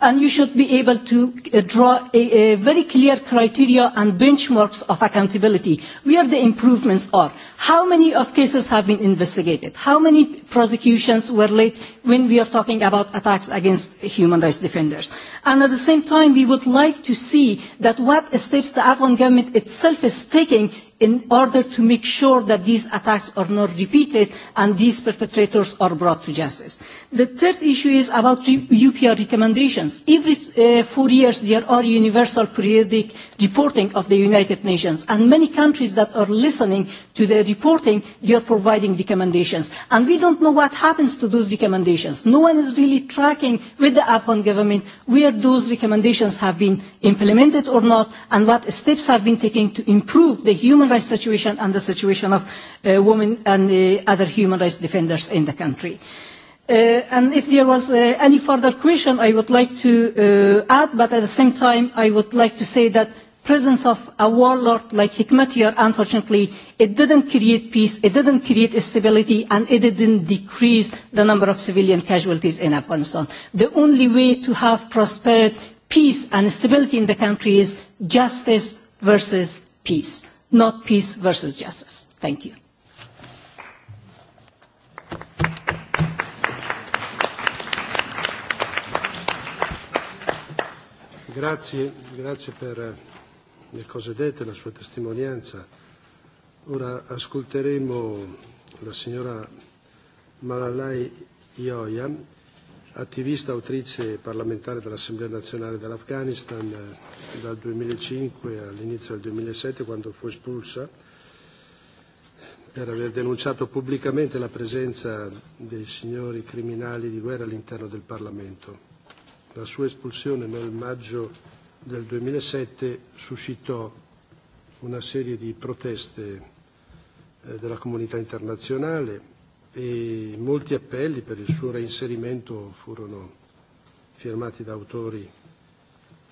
and you should be able to draw a very clear criteria and benchmarks of accountability, where the improvements are. How many of cases have been investigated? How many prosecutions were laid when we are talking about attacks against human rights defenders? And at the same time, we would like to see that what steps the Afghan government itself is taking in order to make sure that these attacks are not repeated and these perpetrators are brought to justice. The third issue is about UPR recommendations. Every four years there are universal periodic reporting of the United Nations and many countries that are listening to their reporting, they are providing recommendations. And we don't know what happens to those recommendations. No one is really tracking with the Afghan government where those recommendations have been implemented or not and what steps have been taken to improve the human rights situation and the situation of women and other human rights defenders in the country. And if there was any further question, I would like to add, but at the same time, I would like to say that presence of a warlord like Hikmatyar, unfortunately, it didn't create peace, it didn't create stability, and it didn't decrease the number of civilian casualties in Afghanistan. The only way to have prosperity, peace, and stability in the country is justice versus peace not peace versus justice. Thank you. Grazie, grazie per le cose dette, la sua testimonianza. Ora ascolteremo la signora Malalai Ioia attivista, autrice parlamentare dell'Assemblea nazionale dell'Afghanistan dal 2005 all'inizio del 2007 quando fu espulsa per aver denunciato pubblicamente la presenza dei signori criminali di guerra all'interno del Parlamento. La sua espulsione nel maggio del 2007 suscitò una serie di proteste della comunità internazionale e molti appelli per il suo reinserimento furono firmati da autori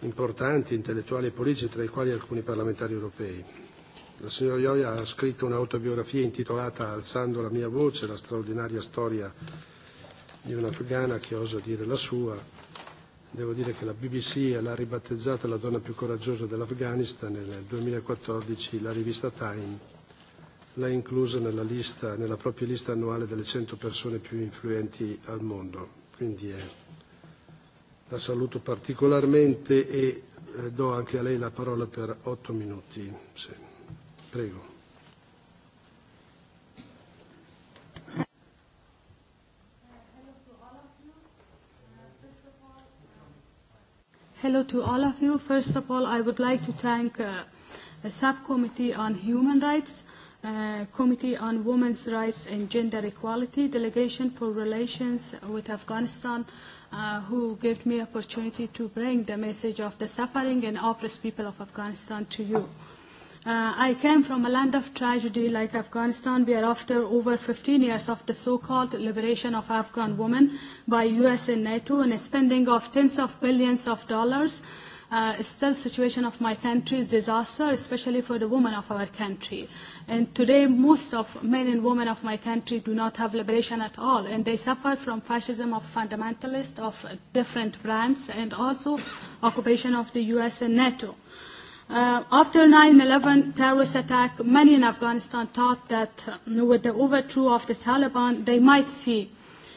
importanti, intellettuali e politici, tra i quali alcuni parlamentari europei. La signora Ioia ha scritto un'autobiografia intitolata Alzando la mia voce, la straordinaria storia di un'afghana che osa dire la sua. Devo dire che la BBC l'ha ribattezzata la donna più coraggiosa dell'Afghanistan nel 2014 la rivista Time l'ha inclusa nella, lista, nella propria lista annuale delle 100 persone più influenti al mondo. Quindi la saluto particolarmente e do anche a lei la parola per 8 minuti. Sì. Prego. Hello to all of you. First of all, I would like to thank the Subcommittee on Human Rights Committee on Women's Rights and Gender Equality delegation for relations with Afghanistan, who gave me opportunity to bring the message of the suffering and oppressed people of Afghanistan to you. I came from a land of tragedy like Afghanistan, We are after over 15 years of the so-called liberation of Afghan women by US and NATO and spending of tens of billions of dollars, still situation of my country is disaster, especially for the women of our country. And today most of men and women of my country do not have liberation at all, and they suffer from fascism of fundamentalists of different brands and also occupation of the US and NATO. After 9/11 terrorist attack, many in Afghanistan thought that with the overthrow of the Taliban, they might see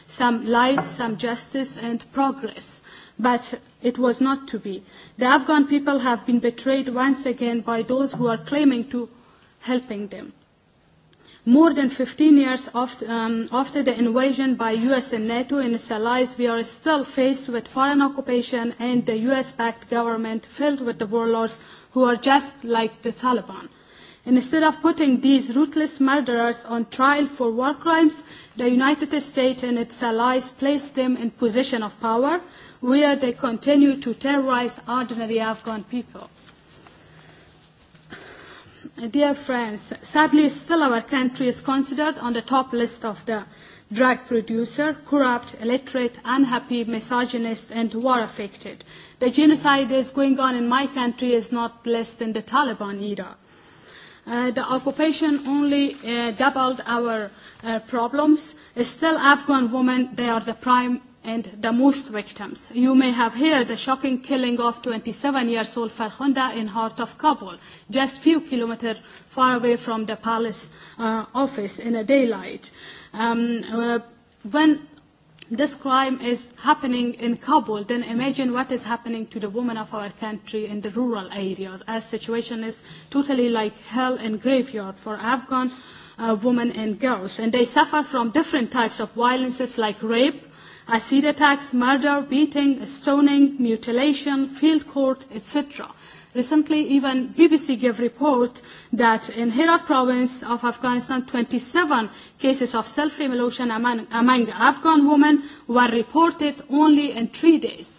some light, some justice and progress. But It was not to be. The Afghan people have been betrayed once again by those who are claiming to helping them. More than 15 years after the invasion by U.S. and NATO and its allies, we are still faced with foreign occupation and the U.S.-backed government filled with the warlords who are just like the Taliban. Instead of putting these ruthless murderers on trial for war crimes, the United States and its allies placed them in position of power where they continue to terrorize ordinary Afghan people. Dear friends, sadly still our country is considered on the top list of the drug producer, corrupt, illiterate, unhappy, misogynist, and war-affected. The genocide that is going on in my country is not less than the Taliban era. The occupation only doubled our problems. Still, Afghan women, they are the prime and the most victims. You may have heard the shocking killing of 27-year-old Farhonda in heart of Kabul, just few kilometers far away from the palace office in a daylight. When this crime is happening in Kabul, then imagine what is happening to the women of our country in the rural areas, as situation is totally like hell and graveyard for Afghan women and girls. And they suffer from different types of violences like rape, acid attacks, murder, beating, stoning, mutilation, field court, etc. Recently, even BBC gave report that in Herat province of Afghanistan, 27 cases of self-immolation among Afghan women were reported only in three days.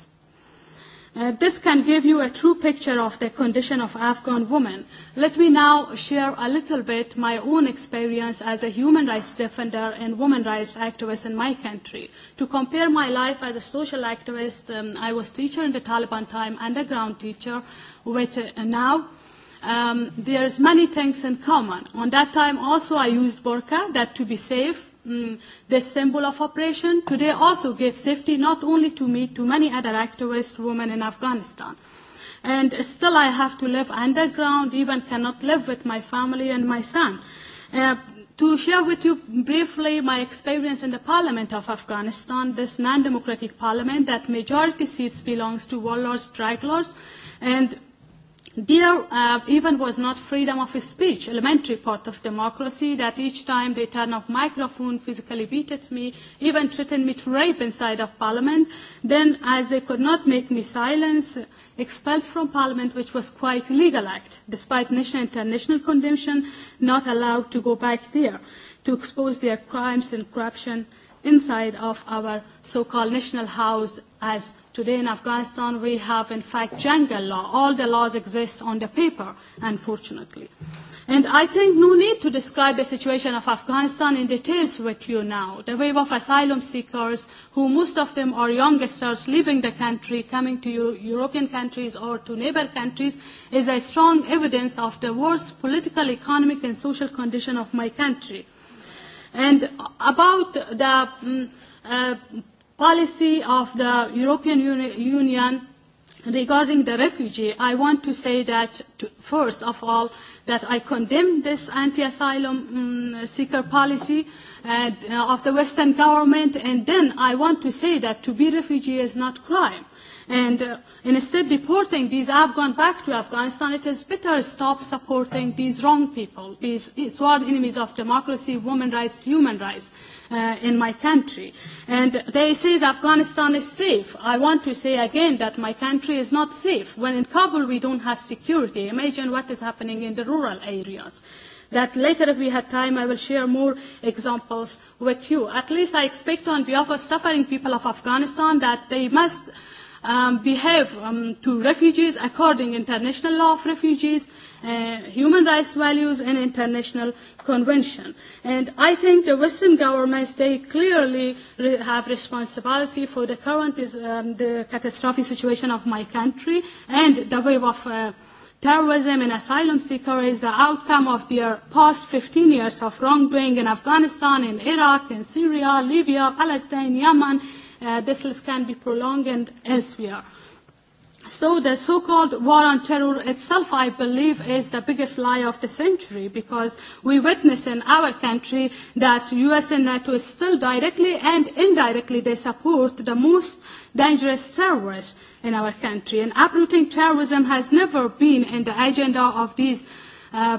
This can give you a true picture of the condition of Afghan women. Let me now share a little bit my own experience as a human rights defender and women rights activist in my country. To compare my life as a social activist, I was teacher in the Taliban time, underground teacher, which now there is many things in common. On that time also I used burqa, that to be safe this symbol of oppression today also gives safety not only to me, to many other activist women in Afghanistan. And still I have to live underground, even cannot live with my family and my son. To share with you briefly my experience in the Parliament of Afghanistan, this non-democratic parliament that majority seats belongs to warlords, lords, and There even was not freedom of speech, elementary part of democracy, that each time they turn off microphone, physically beat at me, even threatened me to rape inside of parliament. Then, as they could not make me silence, expelled from parliament, which was quite legal act, despite national international condemnation, not allowed to go back there to expose their crimes and corruption inside of our so-called national house as Today in Afghanistan we have in fact jungle law. All the laws exist on the paper, unfortunately. And I think no need to describe the situation of Afghanistan in details with you now. The wave of asylum seekers, who most of them are youngsters leaving the country, coming to European countries or to neighbor countries, is a strong evidence of the worst political, economic and social condition of my country. And about the policy of the European Union regarding the refugee, I want to say that, first of all, that I condemn this anti-asylum seeker policy of the Western government, and then I want to say that to be refugee is not crime. And instead deporting these Afghan back to Afghanistan, it is better stop supporting these wrong people, these sworn enemies of democracy, women rights, human rights in my country. And they say Afghanistan is safe. I want to say again that my country is not safe. When in Kabul we don't have security, imagine what is happening in the rural areas. That later, if we have time, I will share more examples with you. At least I expect on behalf of suffering people of Afghanistan that they must behave to refugees according to international law of refugees human rights values and international convention. And I think the Western governments, they clearly have responsibility for the current the catastrophic situation of my country and the wave of terrorism and asylum seekers is the outcome of their past 15 years of wrongdoing in Afghanistan, in Iraq, in Syria, Libya, Palestine, Yemen. This can be prolonged and elsewhere. So the so-called war on terror itself, I believe, is the biggest lie of the century because we witness in our country that US and NATO still directly and indirectly they support the most dangerous terrorists in our country. And uprooting terrorism has never been in the agenda of these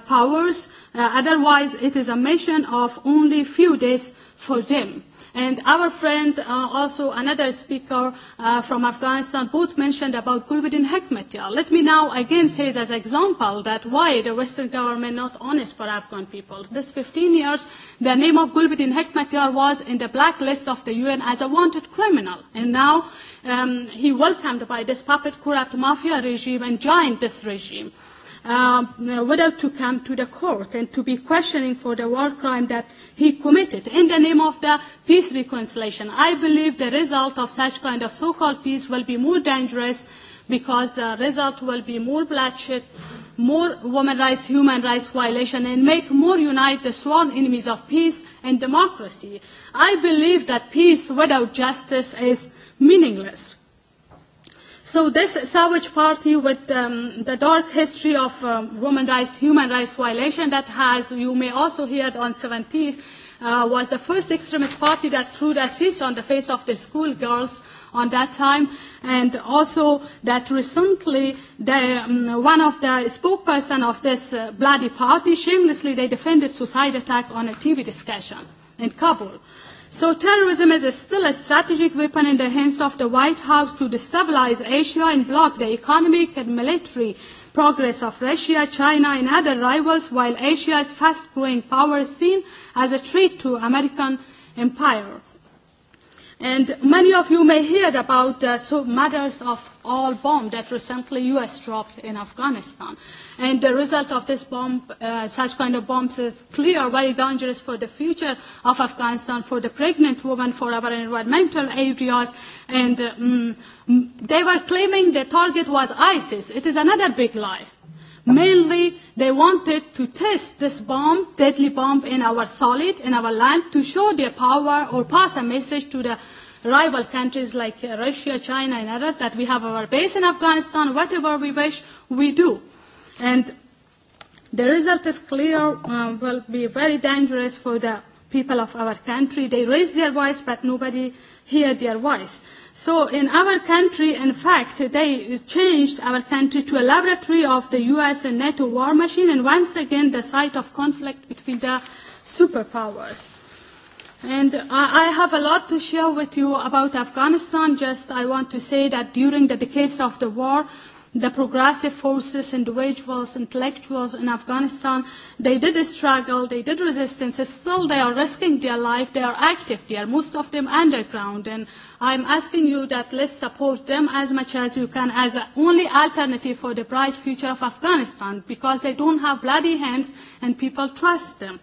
powers. Otherwise, it is a mission of only few days for them. And our friend, also another speaker from Afghanistan, both mentioned about Gulbuddin Hekmatyar. Let me now again say as an example that why the Western government not honest for Afghan people. This 15 years, the name of Gulbuddin Hekmatyar was in the blacklist of the UN as a wanted criminal. And now he welcomed by this puppet corrupt mafia regime and joined this regime whether to come to the court and to be questioning for the war crime that he committed in the name of the peace reconciliation. I believe the result of such kind of so-called peace will be more dangerous because the result will be more bloodshed, more women rights, human rights violation, and make more unite the sworn enemies of peace and democracy. I believe that peace without justice is meaningless. So this savage party with the dark history of women rights, human rights violation that has, you may also hear it on 70s, was the first extremist party that threw the seats on the face of the schoolgirls on that time and also that recently the one of the spokesperson of this bloody party shamelessly they defended suicide attack on a TV discussion in Kabul. So terrorism is still a strategic weapon in the hands of the White House to destabilize Asia and block the economic and military progress of Russia, China and other rivals, while Asia's fast-growing power is seen as a threat to American empire. And many of you may hear about the matters of all bomb that recently U.S. dropped in Afghanistan. And the result of this bomb, such kind of bombs is clear, very dangerous for the future of Afghanistan, for the pregnant woman, for our environmental areas. And they were claiming the target was ISIS. It is another big lie. Mainly, they wanted to test this bomb, deadly bomb, in our solid, in our land, to show their power or pass a message to the rival countries like Russia, China, and others, that we have our base in Afghanistan, whatever we wish, we do. And the result is clear, will be very dangerous for the people of our country. They raise their voice, but nobody hears their voice. So in our country, in fact, they changed our country to a laboratory of the U.S. and NATO war machine, and once again the site of conflict between the superpowers. And I have a lot to share with you about Afghanistan. Just I want to say that during the decades of the war, the progressive forces, individuals, intellectuals in Afghanistan, they did struggle, they did resistance. Still, they are risking their life. They are active. They most of them underground. And am asking you that let's support them as much as you can as the only alternative for the bright future of Afghanistan because they don't have bloody hands and people trust them.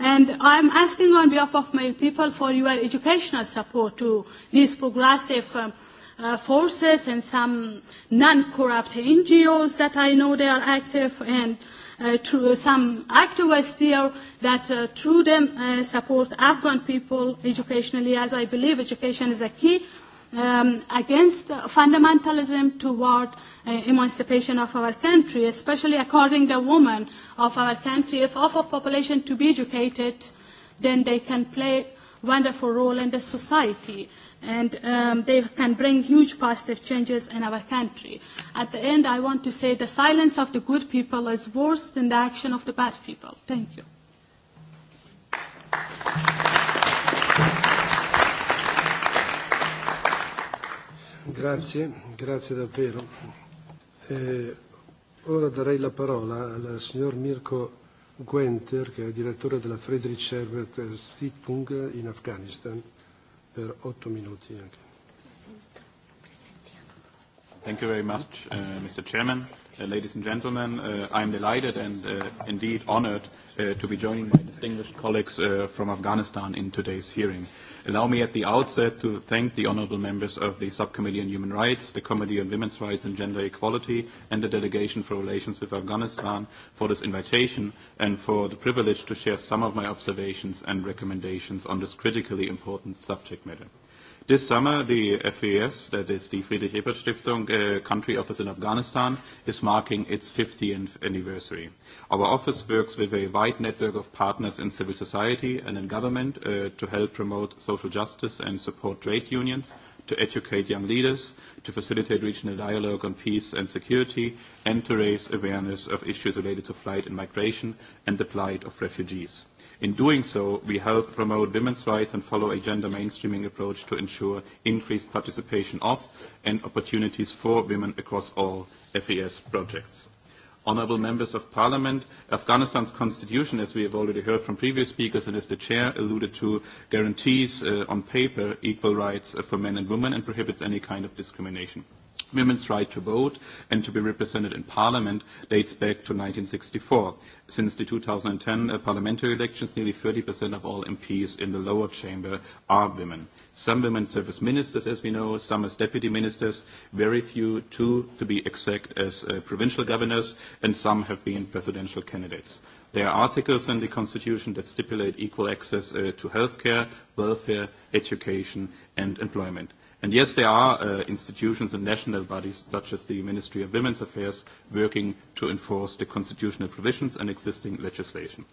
And I'm asking on behalf of my people for your educational support to these progressive forces and some non-corrupt NGOs that I know they are active and to some activists there that through them support Afghan people educationally as I believe education is a key against fundamentalism toward emancipation of our country, especially according to the women of our country. If of population to be educated, then they can play a wonderful role in the society and they can bring huge positive changes in our country. At the end, I want to say the silence of the good people is worse than the action of the bad people. Thank you. Grazie, grazie davvero. Eh, ora darei la parola al signor Mirko Gwenter, che è direttore della Friedrich Herbert Stiftung in Afghanistan, per otto minuti anche. Thank you very much, uh, Mr. Chairman. Uh, ladies and gentlemen, uh, am delighted and uh, indeed honored uh, to be joining my distinguished colleagues uh, from Afghanistan in today's hearing. Allow me at the outset to thank the honourable members of the Subcommittee on Human Rights, the Committee on Women's Rights and Gender Equality, and the Delegation for Relations with Afghanistan for this invitation and for the privilege to share some of my observations and recommendations on this critically important subject matter. This summer, the FAS, that is the Friedrich-Ebert-Stiftung Country Office in Afghanistan, is marking its 50th anniversary. Our office works with a wide network of partners in civil society and in government to help promote social justice and support trade unions, to educate young leaders, to facilitate regional dialogue on peace and security, and to raise awareness of issues related to flight and migration and the plight of refugees. In doing so, we help promote women's rights and follow a gender mainstreaming approach to ensure increased participation of and opportunities for women across all FES projects. Honourable Members of Parliament, Afghanistan's constitution, as we have already heard from previous speakers and as the Chair alluded to, guarantees on paper equal rights for men and women and prohibits any kind of discrimination. Women's right to vote and to be represented in parliament dates back to 1964. Since the 2010 parliamentary elections, nearly 30% of all MPs in the lower chamber are women. Some women serve as ministers, as we know, some as deputy ministers, very few, two to be exact, as provincial governors, and some have been presidential candidates. There are articles in the Constitution that stipulate equal access to health care, welfare, education, and employment. And yes, there are institutions and national bodies, such as the Ministry of Women's Affairs, working to enforce the constitutional provisions and existing legislation.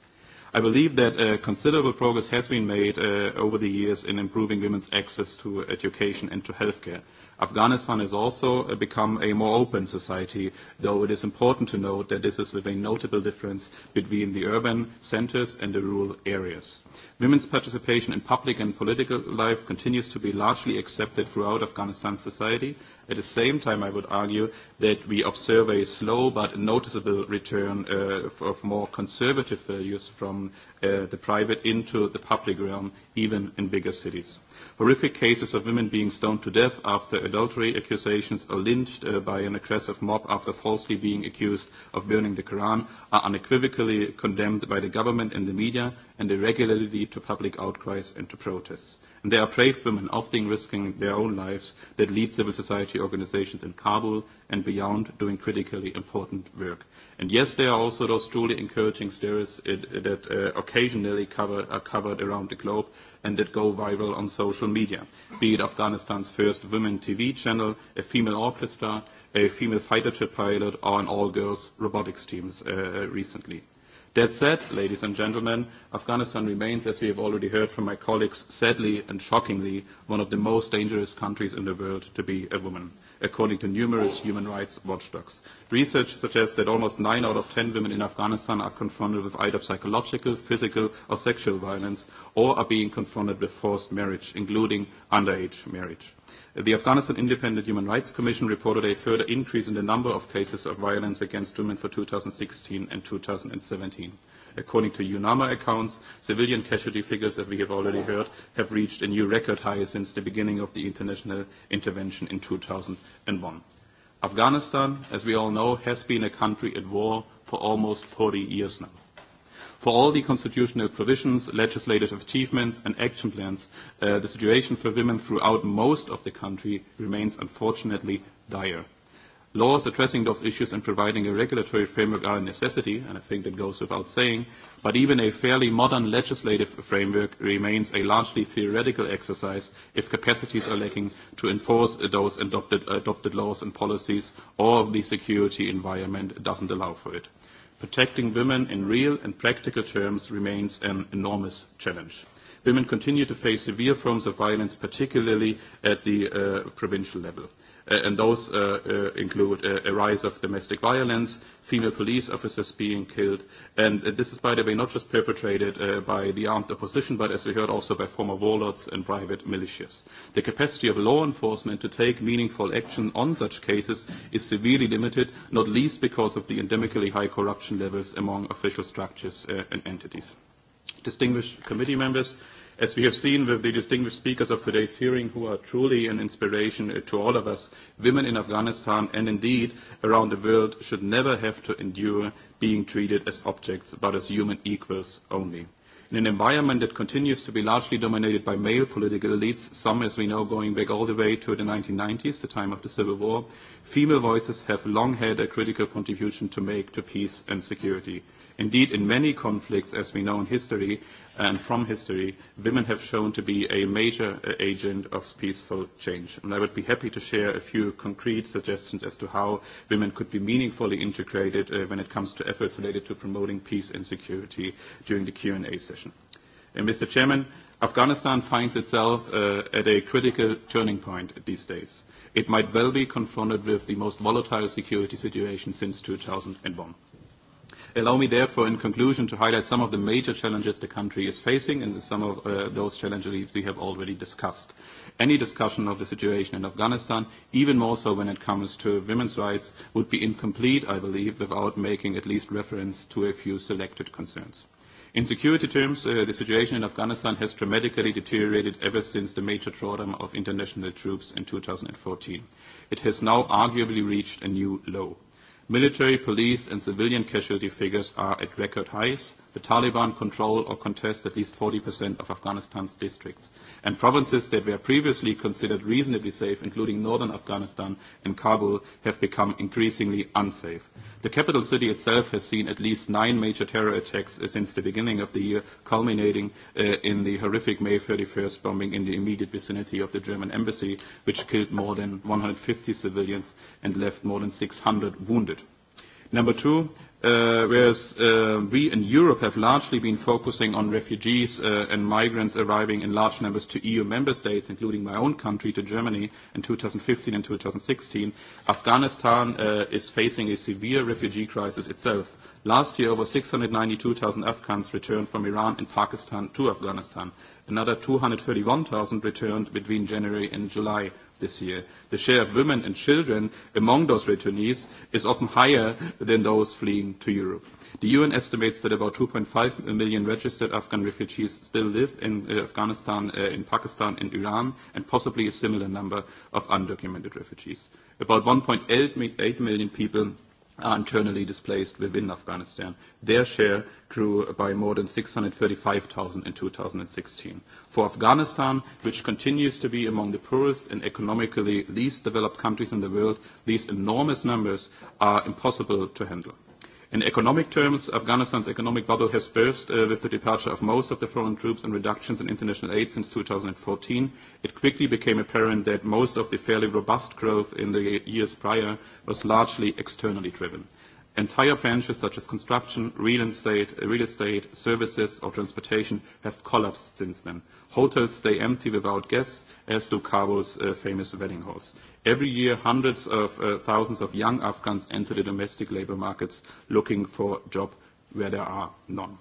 I believe that considerable progress has been made over the years in improving women's access to education and to healthcare. Afghanistan has also become a more open society, though it is important to note that this is with a notable difference between the urban centers and the rural areas. Women's participation in public and political life continues to be largely accepted throughout Afghanistan's society, At the same time, I would argue that we observe a slow but noticeable return of more conservative values from the private into the public realm, even in bigger cities. Horrific cases of women being stoned to death after adultery accusations or lynched by an aggressive mob after falsely being accused of burning the Quran are unequivocally condemned by the government and the media and they regularly lead to public outcries and to protests. There are brave women often risking their own lives that lead civil society organizations in Kabul and beyond doing critically important work. And yes, there are also those truly encouraging stories that occasionally are covered around the globe and that go viral on social media, be it Afghanistan's first women TV channel, a female orchestra, a female fighter jet pilot, or an all-girls robotics teams recently. That said, ladies and gentlemen, Afghanistan remains, as we have already heard from my colleagues, sadly and shockingly, one of the most dangerous countries in the world to be a woman according to numerous human rights watchdogs. Research suggests that almost nine out of ten women in Afghanistan are confronted with either psychological, physical or sexual violence, or are being confronted with forced marriage, including underage marriage. The Afghanistan Independent Human Rights Commission reported a further increase in the number of cases of violence against women for 2016 and 2017. According to UNAMA accounts, civilian casualty figures, as we have already heard, have reached a new record high since the beginning of the international intervention in 2001. Afghanistan, as we all know, has been a country at war for almost 40 years now. For all the constitutional provisions, legislative achievements, and action plans, the situation for women throughout most of the country remains unfortunately dire. Laws addressing those issues and providing a regulatory framework are a necessity, and I think that goes without saying, but even a fairly modern legislative framework remains a largely theoretical exercise if capacities are lacking to enforce those adopted laws and policies, or the security environment doesn't allow for it. Protecting women in real and practical terms remains an enormous challenge. Women continue to face severe forms of violence, particularly at the provincial level and those include a rise of domestic violence, female police officers being killed, and this is, by the way, not just perpetrated by the armed opposition, but as we heard also by former warlords and private militias. The capacity of law enforcement to take meaningful action on such cases is severely limited, not least because of the endemically high corruption levels among official structures and entities. Distinguished committee members, As we have seen with the distinguished speakers of today's hearing, who are truly an inspiration to all of us, women in Afghanistan and indeed around the world should never have to endure being treated as objects but as human equals only. In an environment that continues to be largely dominated by male political elites, some, as we know, going back all the way to the 1990s, the time of the Civil War, female voices have long had a critical contribution to make to peace and security. Indeed, in many conflicts, as we know in history and from history, women have shown to be a major agent of peaceful change. And I would be happy to share a few concrete suggestions as to how women could be meaningfully integrated when it comes to efforts related to promoting peace and security during the Q&A session. Mr. Chairman, Afghanistan finds itself at a critical turning point these days. It might well be confronted with the most volatile security situation since 2001. Allow me, therefore, in conclusion, to highlight some of the major challenges the country is facing and some of those challenges we have already discussed. Any discussion of the situation in Afghanistan, even more so when it comes to women's rights, would be incomplete, I believe, without making at least reference to a few selected concerns. In security terms, the situation in Afghanistan has dramatically deteriorated ever since the major drawdown of international troops in 2014. It has now arguably reached a new low. Military, police, and civilian casualty figures are at record highs The Taliban control or contest at least 40% of Afghanistan's districts. And provinces that were previously considered reasonably safe, including northern Afghanistan and Kabul, have become increasingly unsafe. The capital city itself has seen at least nine major terror attacks since the beginning of the year, culminating in the horrific May 31st bombing in the immediate vicinity of the German embassy, which killed more than 150 civilians and left more than 600 wounded. Number two, whereas we in Europe have largely been focusing on refugees and migrants arriving in large numbers to EU member states, including my own country, to Germany in 2015 and 2016, Afghanistan is facing a severe refugee crisis itself. Last year, over 692,000 Afghans returned from Iran and Pakistan to Afghanistan. Another 231,000 returned between January and July this year. The share of women and children among those returnees is often higher than those fleeing to Europe. The UN estimates that about 2.5 million registered Afghan refugees still live in Afghanistan, in Pakistan and Iran, and possibly a similar number of undocumented refugees. About 1.8 million people are internally displaced within Afghanistan, their share grew by more than 635,000 in 2016. For Afghanistan, which continues to be among the poorest and economically least developed countries in the world, these enormous numbers are impossible to handle. In economic terms, Afghanistan's economic bubble has burst with the departure of most of the foreign troops and reductions in international aid since 2014. It quickly became apparent that most of the fairly robust growth in the years prior was largely externally driven. Entire branches such as construction, real estate, real estate, services or transportation have collapsed since then. Hotels stay empty without guests, as do Kabul's famous wedding halls. Every year, hundreds of thousands of young Afghans enter the domestic labor markets looking for jobs where there are none.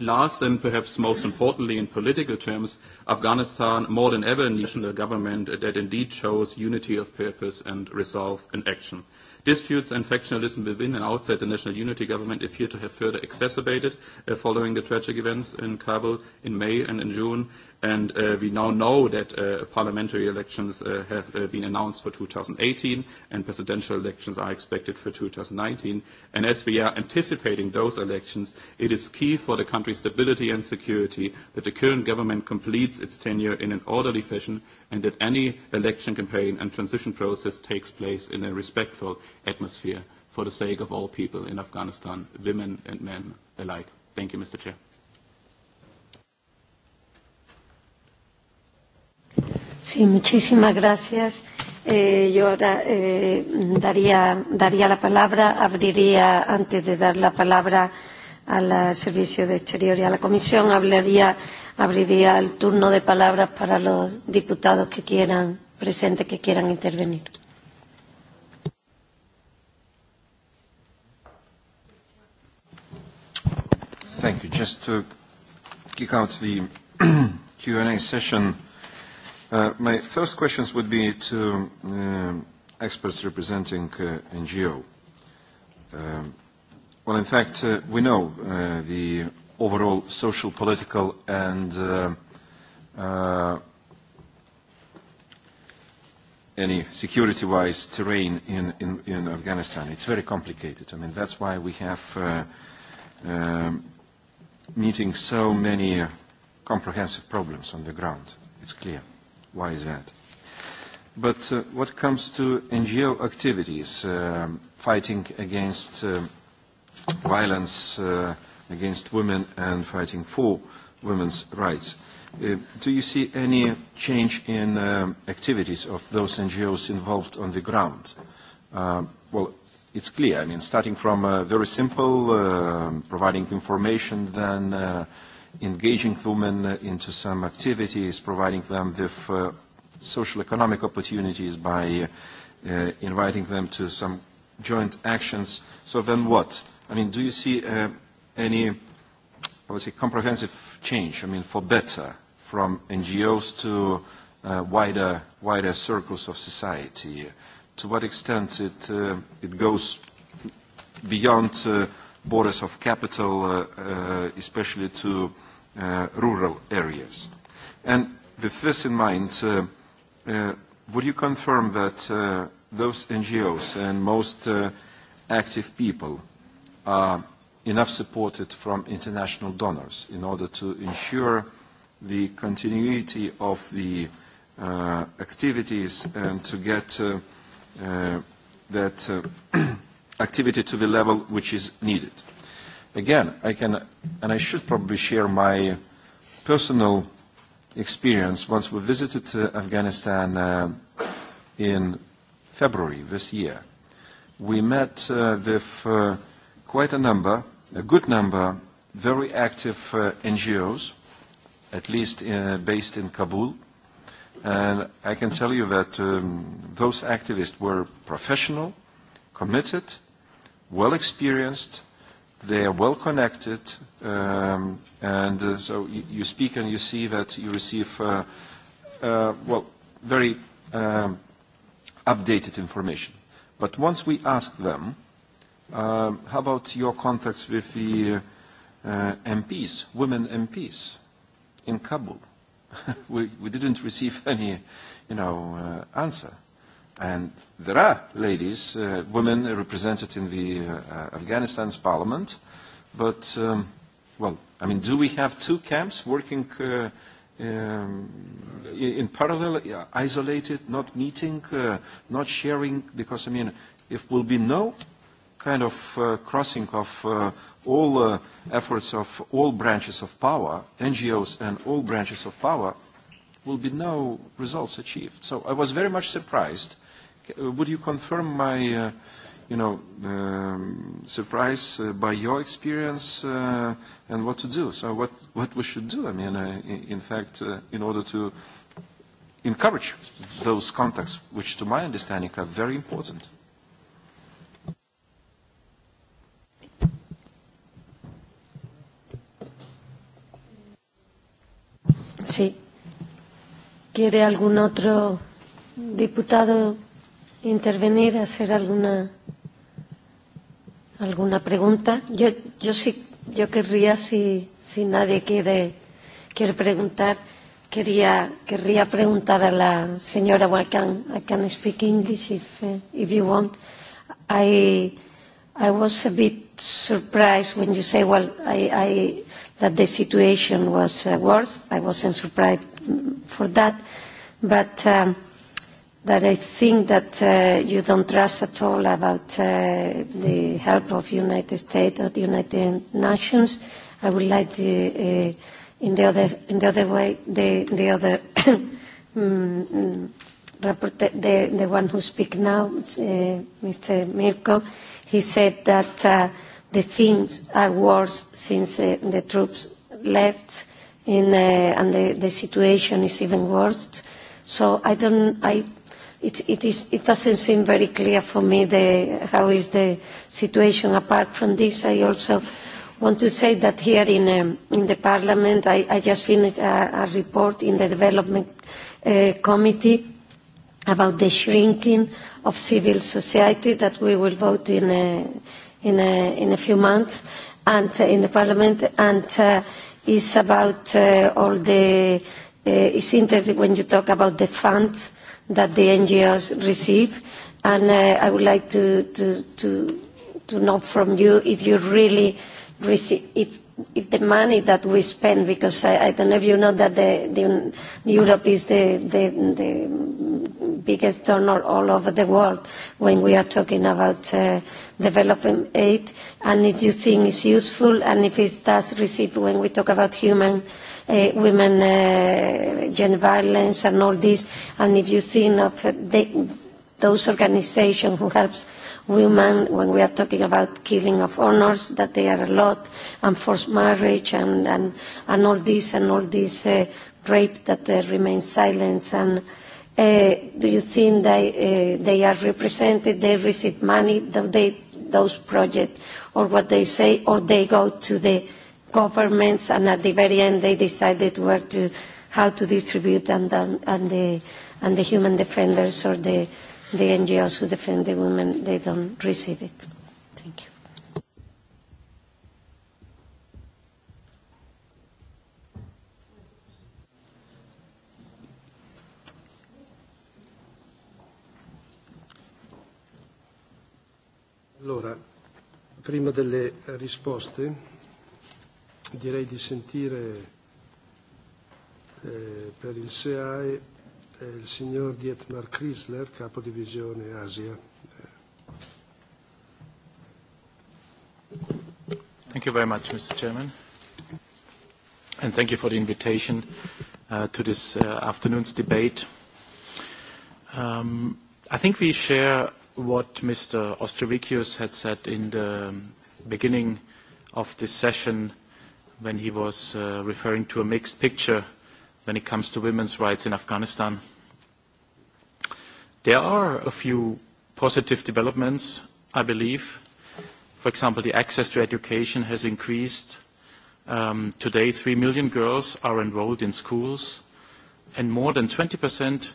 Last and perhaps most importantly in political terms, Afghanistan more than ever needs a government that indeed shows unity of purpose and resolve in action. Disputes and factionalism within and outside the National Unity Government appear to have further exacerbated following the tragic events in Kabul in May and in June. And we now know that parliamentary elections have been announced for 2018 and presidential elections are expected for 2019. And as we are anticipating those elections, it is key for the country's stability and security that the current government completes its tenure in an orderly fashion and that any election campaign and transition process takes place in a respectful atmosphere for the sake of all people in Afghanistan, women and men alike. Thank you, Mr. Chair. Sí, muchísimas gracias. Eh, yo ahora eh, daría, daría la palabra, abriría, antes de dar la palabra al Servicio de Exterior y a la Comisión, hablaría, abriría el turno de palabras para los diputados que quieran, presentes que quieran intervenir. Thank you. Just to kick out the Q&A session, My first questions would be to experts representing NGO. Well, in fact, we know the overall social, political, and any security-wise terrain in in Afghanistan. It's very complicated. I mean, that's why we have meeting so many comprehensive problems on the ground. It's clear. Why is that? But what comes to NGO activities, fighting against violence against women and fighting for women's rights, do you see any change in activities of those NGOs involved on the ground? Well, it's clear. I mean, starting from very simple, providing information, then engaging women into some activities, providing them with social economic opportunities by inviting them to some joint actions. So then what? I mean, do you see any, I say, comprehensive change, I mean, for better, from NGOs to wider, wider circles of society? To what extent it, it goes beyond borders of capital, especially to rural areas. And with this in mind, would you confirm that those NGOs and most active people are enough supported from international donors in order to ensure the continuity of the activities and to get that activity to the level which is needed. Again, I can, and I should probably share my personal experience once we visited Afghanistan in February this year. We met with quite a number, a good number, very active NGOs, at least based in Kabul. And I can tell you that those activists were professional, committed, well experienced, they are well connected, and so you speak and you see that you receive, well, very updated information. But once we ask them, how about your contacts with the MPs, women MPs in Kabul? We didn't receive any, you know, answer. And there are ladies, women represented in the Afghanistan's parliament, but, well, I mean, do we have two camps working in parallel, isolated, not meeting, not sharing? Because, I mean, if will be no kind of crossing of all efforts of all branches of power, NGOs and all branches of power, will be no results achieved. So I was very much surprised Would you confirm my, you know, surprise by your experience and what to do? So what what we should do? I mean, in fact, in order to encourage those contacts, which to my understanding are very important. Sí. ¿Quiere algún otro diputado intervenir, hacer alguna, alguna pregunta. Yo, yo sí, yo querría, si, si nadie quiere, quiere preguntar, quería, querría preguntar a la señora, well, I can, I can speak English if, uh, if you want. I, I was a bit surprised when you say, well, I, I, that the situation was uh, worse. I wasn't surprised for that. But um, that I think that you don't trust at all about the help of United States or the United Nations. I would like the in the other in the other way the the other the the one who speaks now, Mr. Mirko, he said that the things are worse since the troops left and the situation is even worse. So I don't I It doesn't seem very clear for me how is the situation. Apart from this, I also want to say that here in the Parliament, I just finished a report in the Development Committee about the shrinking of civil society that we will vote in in a few months and in the Parliament and is about all the is interesting when you talk about the funds that the NGOs receive. And I would like to to to to know from you if you really receive if if the money that we spend, because I I don't know if you know that the the Europe is the the biggest donor all over the world when we are talking about developing aid, and if you think it's useful and if it does receive when we talk about human women, gender violence and all this, and if you think of those organizations who help women, when we are talking about killing of honors, that they are a lot, and forced marriage, and, and, and all this, and all this rape that remains silent. And do you think they, they are represented, they receive money, they, those projects, or what they say, or they go to the governments, and at the very end they decided where to, how to distribute, and, and, the, and the human defenders or the the NGOs who defend the women, they don't receive it. Thank you. Allora, prima delle risposte direi di sentire per il SEAE Thank you very much, Mr. Chairman. And thank you for the invitation to this afternoon's debate. I think we share what Mr. Ostrovicius had said in the beginning of this session when he was referring to a mixed picture when it comes to women's rights in Afghanistan. There are a few positive developments, I believe. For example, the access to education has increased. Today, 3 million girls are enrolled in schools, and more than 20%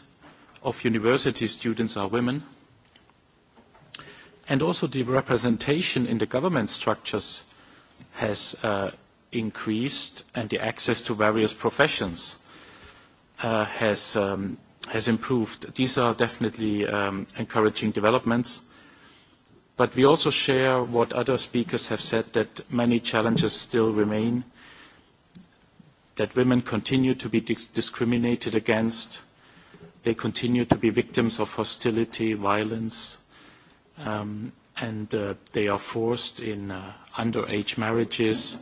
of university students are women. And also the representation in the government structures has increased, and the access to various professions has improved. These are definitely encouraging developments. But we also share what other speakers have said, that many challenges still remain, that women continue to be discriminated against, they continue to be victims of hostility, violence, and they are forced in underage marriages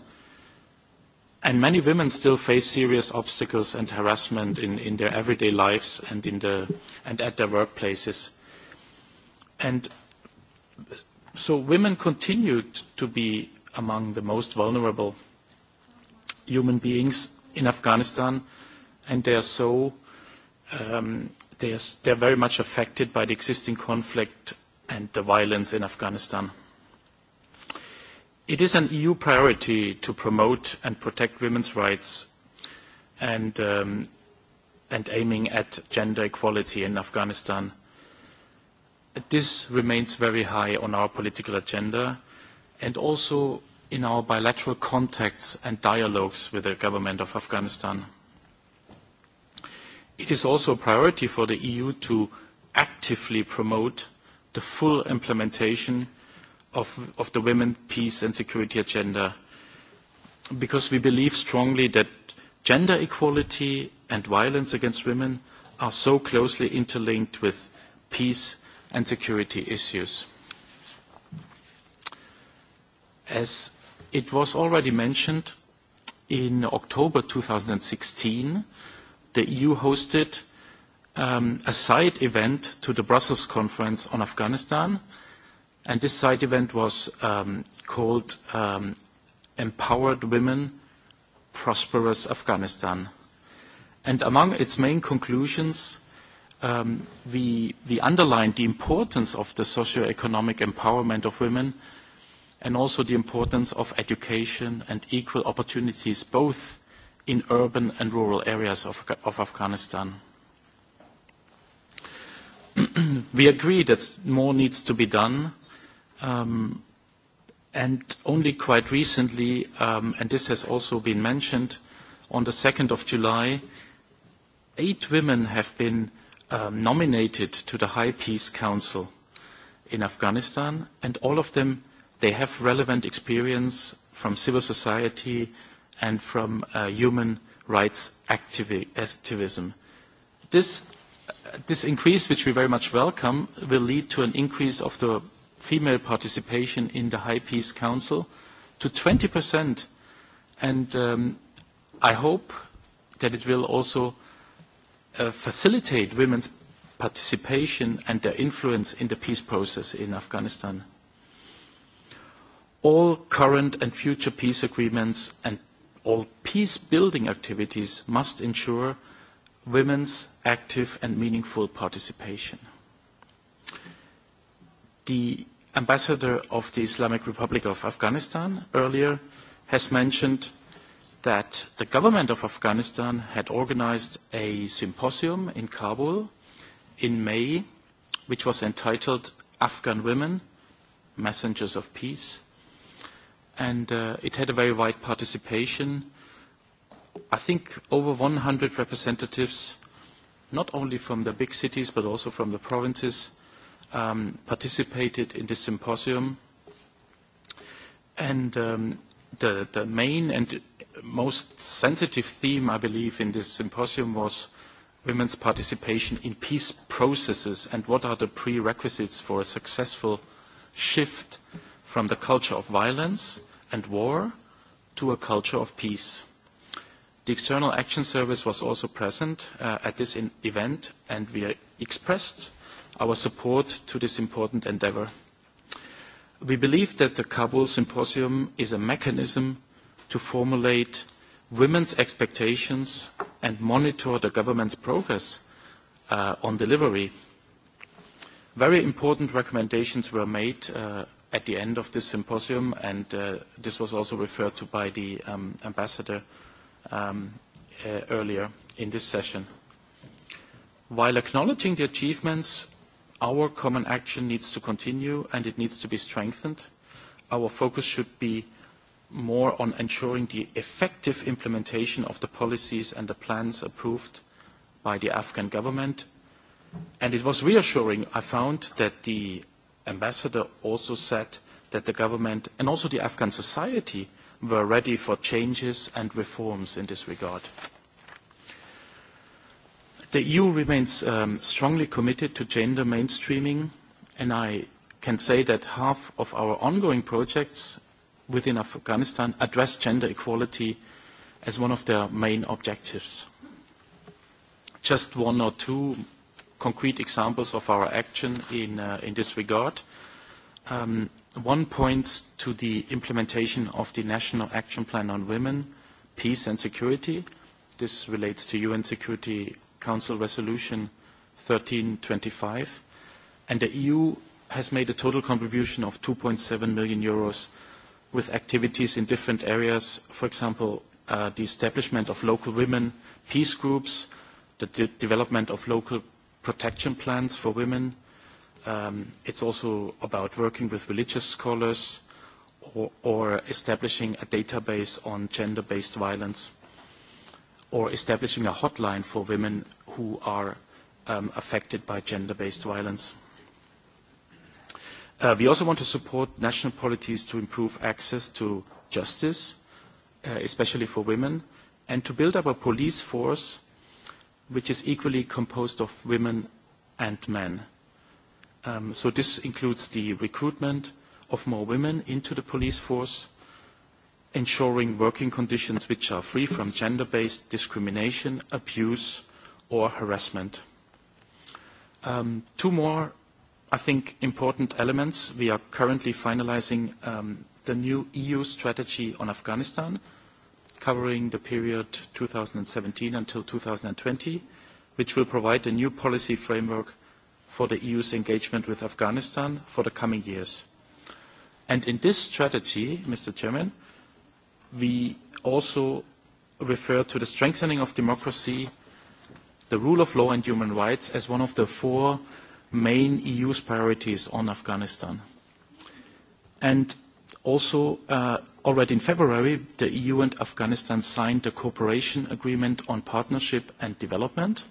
And many women still face serious obstacles and harassment in their everyday lives and at their workplaces. And so women continued to be among the most vulnerable human beings in Afghanistan, and they are so they are very much affected by the existing conflict and the violence in Afghanistan. It is an EU priority to promote and protect women's rights and aiming at gender equality in Afghanistan. This remains very high on our political agenda and also in our bilateral contacts and dialogues with the government of Afghanistan. It is also a priority for the EU to actively promote the full implementation of the women, peace and security agenda, because we believe strongly that gender equality and violence against women are so closely interlinked with peace and security issues. As it was already mentioned, in October 2016, the EU hosted a side event to the Brussels Conference on Afghanistan And this side event was called Empowered Women, Prosperous Afghanistan. And among its main conclusions, we underlined the importance of the socioeconomic empowerment of women and also the importance of education and equal opportunities both in urban and rural areas of Afghanistan. We agree that more needs to be done And only quite recently, and this has also been mentioned, on the 2nd of July, eight women have been nominated to the High Peace Council in Afghanistan, and all of them, they have relevant experience from civil society and from human rights activism. This increase, which we very much welcome, will lead to an increase of the female participation in the High Peace Council to 20%. And I hope that it will also facilitate women's participation and their influence in the peace process in Afghanistan. All current and future peace agreements and all peace-building activities must ensure women's active and meaningful participation. The ambassador of the Islamic Republic of Afghanistan earlier has mentioned that the government of Afghanistan had organized a symposium in Kabul in May, which was entitled Afghan Women, Messengers of Peace. And it had a very wide participation. I think over 100 representatives, not only from the big cities, but also from the provinces, participated in this symposium. And the the main and most sensitive theme, I believe, in this symposium was women's participation in peace processes and what are the prerequisites for a successful shift from the culture of violence and war to a culture of peace. The External Action Service was also present at this event and we expressed our support to this important endeavour. We believe that the Kabul Symposium is a mechanism to formulate women's expectations and monitor the government's progress on delivery. Very important recommendations were made at the end of this symposium, and this was also referred to by the ambassador earlier in this session. While acknowledging the achievements Our common action needs to continue and it needs to be strengthened. Our focus should be more on ensuring the effective implementation of the policies and the plans approved by the Afghan government. And it was reassuring, I found, that the ambassador also said that the government and also the Afghan society were ready for changes and reforms in this regard. The EU remains strongly committed to gender mainstreaming, and I can say that half of our ongoing projects within Afghanistan address gender equality as one of their main objectives. Just one or two concrete examples of our action in this regard. One points to the implementation of the National Action Plan on Women, Peace and Security. This relates to UN Security Council Resolution 1325, and the EU has made a total contribution of 2.7 million euros with activities in different areas, for example, the establishment of local women peace groups, the development of local protection plans for women. It's also about working with religious scholars or establishing a database on gender-based violence or establishing a hotline for women who are affected by gender-based violence. We also want to support national policies to improve access to justice, especially for women, and to build up a police force which is equally composed of women and men. So this includes the recruitment of more women into the police force, ensuring working conditions which are free from gender-based discrimination, abuse or harassment. Two more, I think, important elements. We are currently finalizing the new EU strategy on Afghanistan, covering the period 2017 until 2020, which will provide a new policy framework for the EU's engagement with Afghanistan for the coming years. And in this strategy, Mr. Chairman, we also refer to the strengthening of democracy, the rule of law and human rights as one of the four main EU's priorities on Afghanistan. And also, already in February, the EU and Afghanistan signed a cooperation agreement on partnership and development.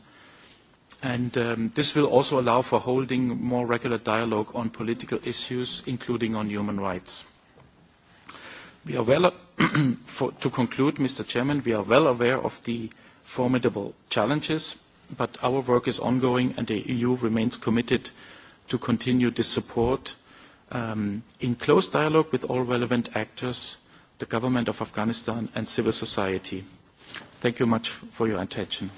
And this will also allow for holding more regular dialogue on political issues, including on human rights. We are well To conclude, Mr. Chairman, we are well aware of the formidable challenges, but our work is ongoing and the EU remains committed to continue this support in close dialogue with all relevant actors, the government of Afghanistan and civil society. Thank you much for your attention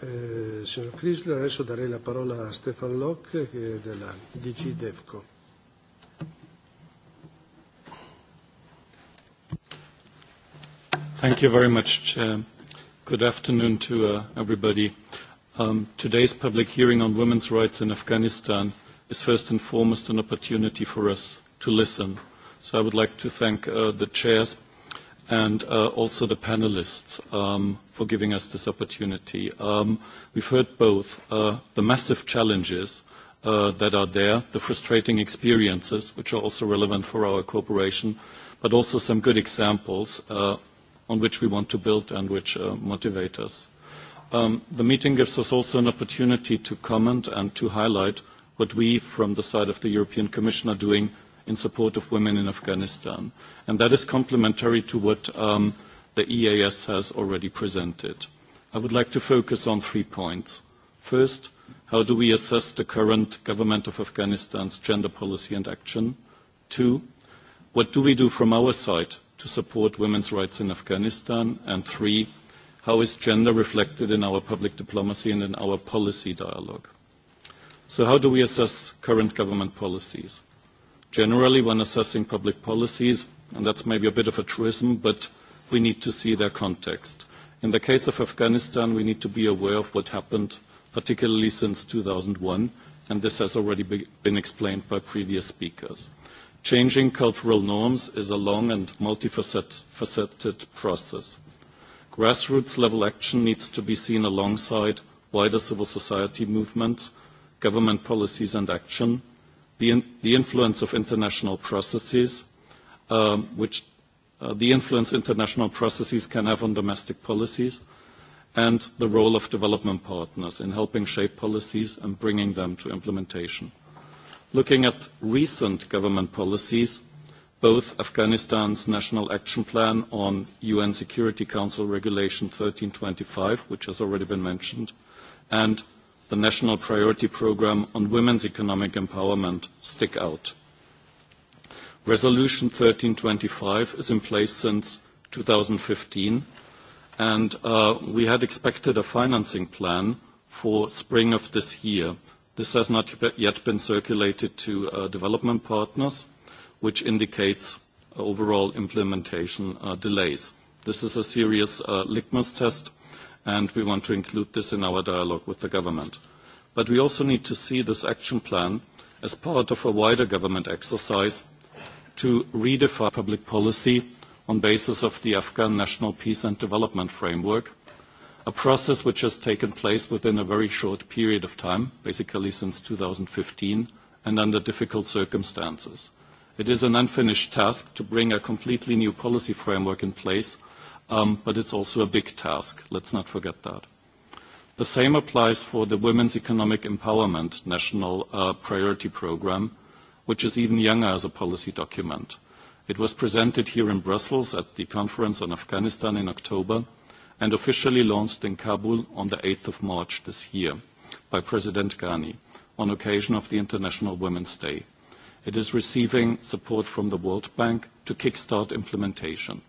signor adesso darei la parola a Stefan Locke che è della DG DEFCO. Thank you very much. Chair. Good afternoon to uh, everybody. Um, today's public hearing on women's rights in Afghanistan is first and foremost an opportunity for us to listen. So I would like to thank uh, the chairs and also the panelists for giving us this opportunity. We've heard both the massive challenges that are there, the frustrating experiences, which are also relevant for our cooperation, but also some good examples on which we want to build and which motivate us. The meeting gives us also an opportunity to comment and to highlight what we, from the side of the European Commission, are doing in support of women in Afghanistan. And that is complementary to what the EAS has already presented. I would like to focus on three points. First, how do we assess the current government of Afghanistan's gender policy and action? Two, what do we do from our side to support women's rights in Afghanistan? And three, how is gender reflected in our public diplomacy and in our policy dialogue? So how do we assess current government policies? Generally, when assessing public policies, and that's maybe a bit of a truism, but we need to see their context. In the case of Afghanistan, we need to be aware of what happened, particularly since 2001, and this has already been explained by previous speakers. Changing cultural norms is a long and multifaceted process. Grassroots-level action needs to be seen alongside wider civil society movements, government policies and action, the influence of international processes, which the influence international processes can have on domestic policies, and the role of development partners in helping shape policies and bringing them to implementation. Looking at recent government policies, both Afghanistan's National Action Plan on UN Security Council Regulation 1325, which has already been mentioned, and the National Priority Programme on Women's Economic Empowerment stick out. Resolution 1325 is in place since 2015, and we had expected a financing plan for spring of this year. This has not yet been circulated to development partners, which indicates overall implementation delays. This is a serious litmus test and we want to include this in our dialogue with the government. But we also need to see this action plan as part of a wider government exercise to redefine public policy on basis of the Afghan National Peace and Development Framework, a process which has taken place within a very short period of time, basically since 2015, and under difficult circumstances. It is an unfinished task to bring a completely new policy framework in place but it's also a big task. Let's not forget that. The same applies for the Women's Economic Empowerment National Priority Programme, which is even younger as a policy document. It was presented here in Brussels at the Conference on Afghanistan in October and officially launched in Kabul on the 8th of March this year by President Ghani on occasion of the International Women's Day. It is receiving support from the World Bank to kickstart implementation.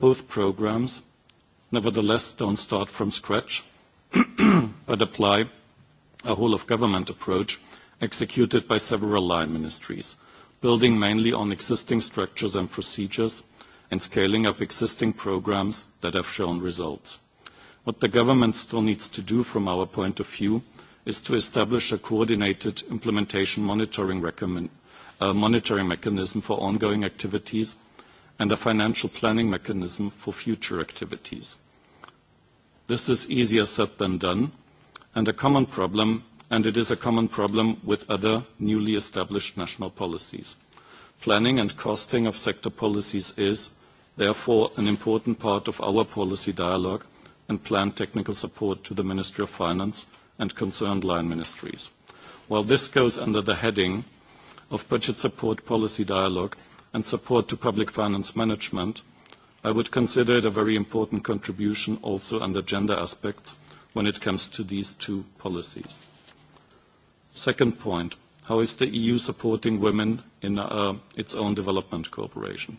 Both programs, nevertheless, don't start from scratch, but apply a whole-of-government approach executed by several line ministries, building mainly on existing structures and procedures and scaling up existing programs that have shown results. What the government still needs to do from our point of view is to establish a coordinated implementation monitoring mechanism for ongoing activities and a financial planning mechanism for future activities. This is easier said than done, and a common problem, and it is a common problem with other newly established national policies. Planning and costing of sector policies is, therefore, an important part of our policy dialogue and planned technical support to the Ministry of Finance and concerned line ministries. While this goes under the heading of budget support policy dialogue, and support to public finance management, I would consider it a very important contribution also under gender aspects when it comes to these two policies. Second point, how is the EU supporting women in its own development cooperation?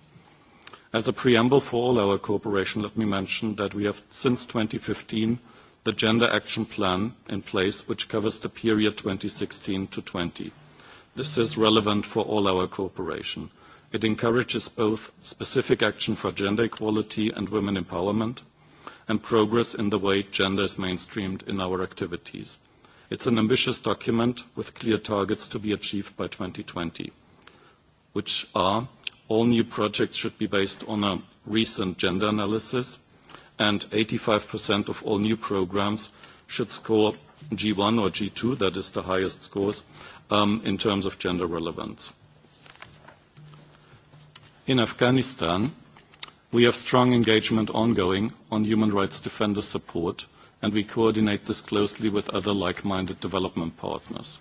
As a preamble for all our cooperation, let me mention that we have, since 2015, the Gender Action Plan in place, which covers the period 2016 to 20. This is relevant for all our cooperation. It encourages both specific action for gender equality and women empowerment and progress in the way gender is mainstreamed in our activities. It's an ambitious document with clear targets to be achieved by 2020, which are all new projects should be based on a recent gender analysis and 85% of all new programs should score G1 or G2, that is the highest scores, in terms of gender relevance. In Afghanistan, we have strong engagement ongoing on human rights defender support, and we coordinate this closely with other like-minded development partners,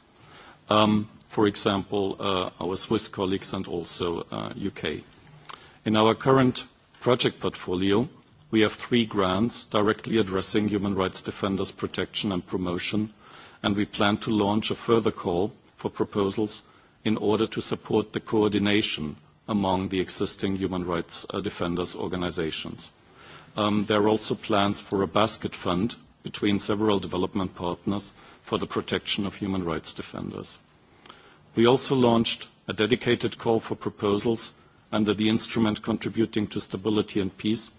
for example, our Swiss colleagues and also UK. In our current project portfolio, we have three grants directly addressing human rights defenders' protection and promotion, and we plan to launch a further call for proposals in order to support the coordination among the existing human rights defenders organizations. There are also plans for a basket fund between several development partners for the protection of human rights defenders. We also launched a dedicated call for proposals under the instrument contributing to stability and peace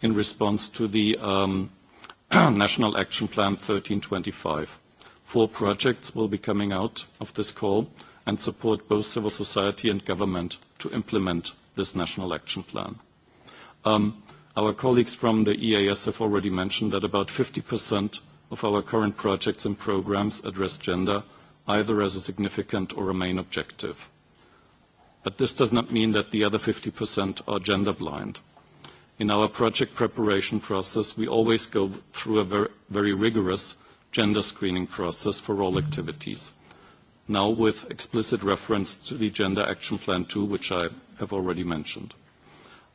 in response to the National Action Plan 1325. Four projects will be coming out of this call and support both civil society and government to implement this national action plan. Our colleagues from the EAS have already mentioned that about 50% of our current projects and programs address gender either as a significant or a main objective. But this does not mean that the other 50% are gender blind. In our project preparation process, we always go through a very rigorous gender screening process for all activities now with explicit reference to the Gender Action Plan 2, which I have already mentioned.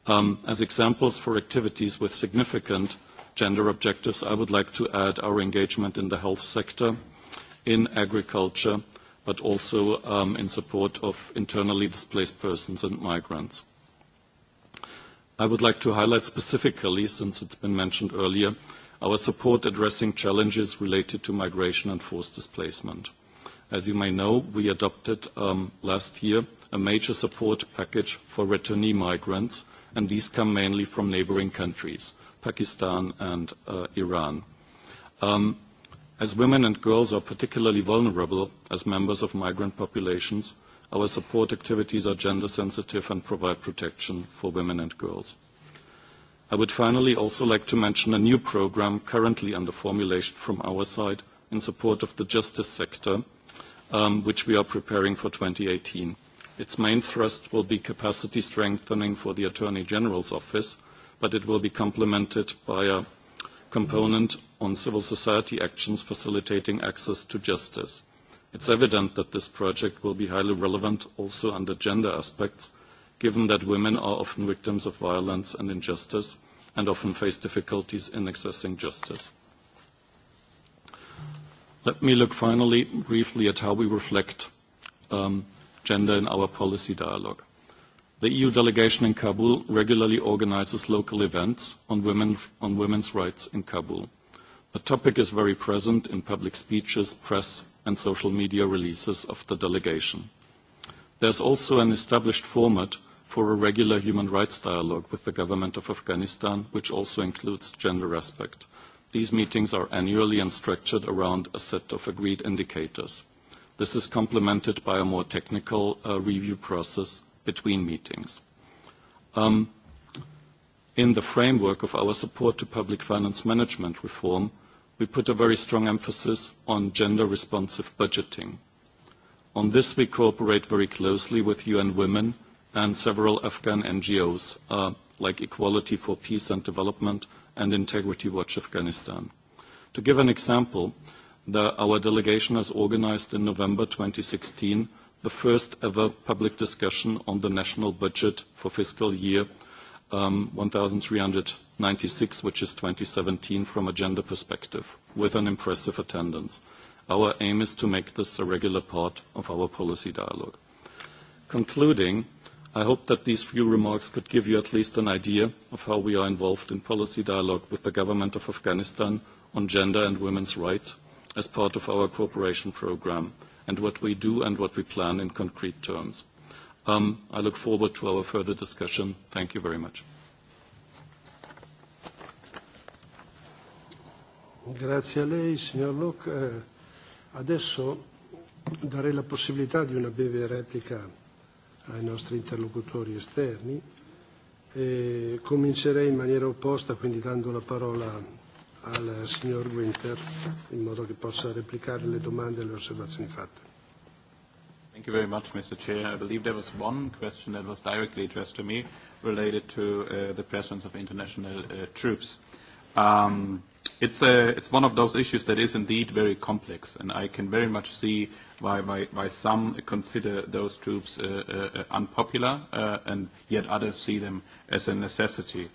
As examples for activities with significant gender objectives, I would like to add our engagement in the health sector, in agriculture, but also in support of internally displaced persons and migrants. I would like to highlight specifically, since it's been mentioned earlier, our support addressing challenges related to migration and forced displacement. As you may know, we adopted last year a major support package for returnee migrants, and these come mainly from neighboring countries, Pakistan and Iran. As women and girls are particularly vulnerable as members of migrant populations, our support activities are gender sensitive and provide protection for women and girls. I would finally also like to mention a new program currently under formulation from our side in support of the justice sector which we are preparing for 2018. Its main thrust will be capacity strengthening for the Attorney General's office, but it will be complemented by a component on civil society actions facilitating access to justice. It's evident that this project will be highly relevant also under gender aspects, given that women are often victims of violence and injustice and often face difficulties in accessing justice. Let me look finally briefly at how we reflect gender in our policy dialogue. The EU delegation in Kabul regularly organizes local events on women's rights in Kabul. The topic is very present in public speeches, press and social media releases of the delegation. There's also an established format for a regular human rights dialogue with the government of Afghanistan, which also includes gender aspect. These meetings are annually and structured around a set of agreed indicators. This is complemented by a more technical review process between meetings. In the framework of our support to public finance management reform, we put a very strong emphasis on gender-responsive budgeting. On this, we cooperate very closely with UN Women and several Afghan NGOs, like Equality for Peace and Development and Integrity Watch Afghanistan. To give an example, our delegation has organized in November 2016 the first ever public discussion on the national budget for fiscal year 1396, which is 2017 from a gender perspective, with an impressive attendance. Our aim is to make this a regular part of our policy dialogue. Concluding, I hope that these few remarks could give you at least an idea of how we are involved in policy dialogue with the government of Afghanistan on gender and women's rights as part of our cooperation program and what we do and what we plan in concrete terms. I look forward to our further discussion. Thank you very much. Grazie lei, signor Adesso darei la possibilità di una breve replica ai nostri interlocutori esterni. E comincerei in maniera opposta, quindi dando la parola al signor Winter, in modo che possa replicare le domande e le osservazioni fatte. Thank you very much, Mr. Chair. I believe there was one question that was directly addressed to me related to the presence of international troops. It's it's one of those issues that is indeed very complex, and I can very much see why why why some consider those troops unpopular, and yet others see them as a necessity.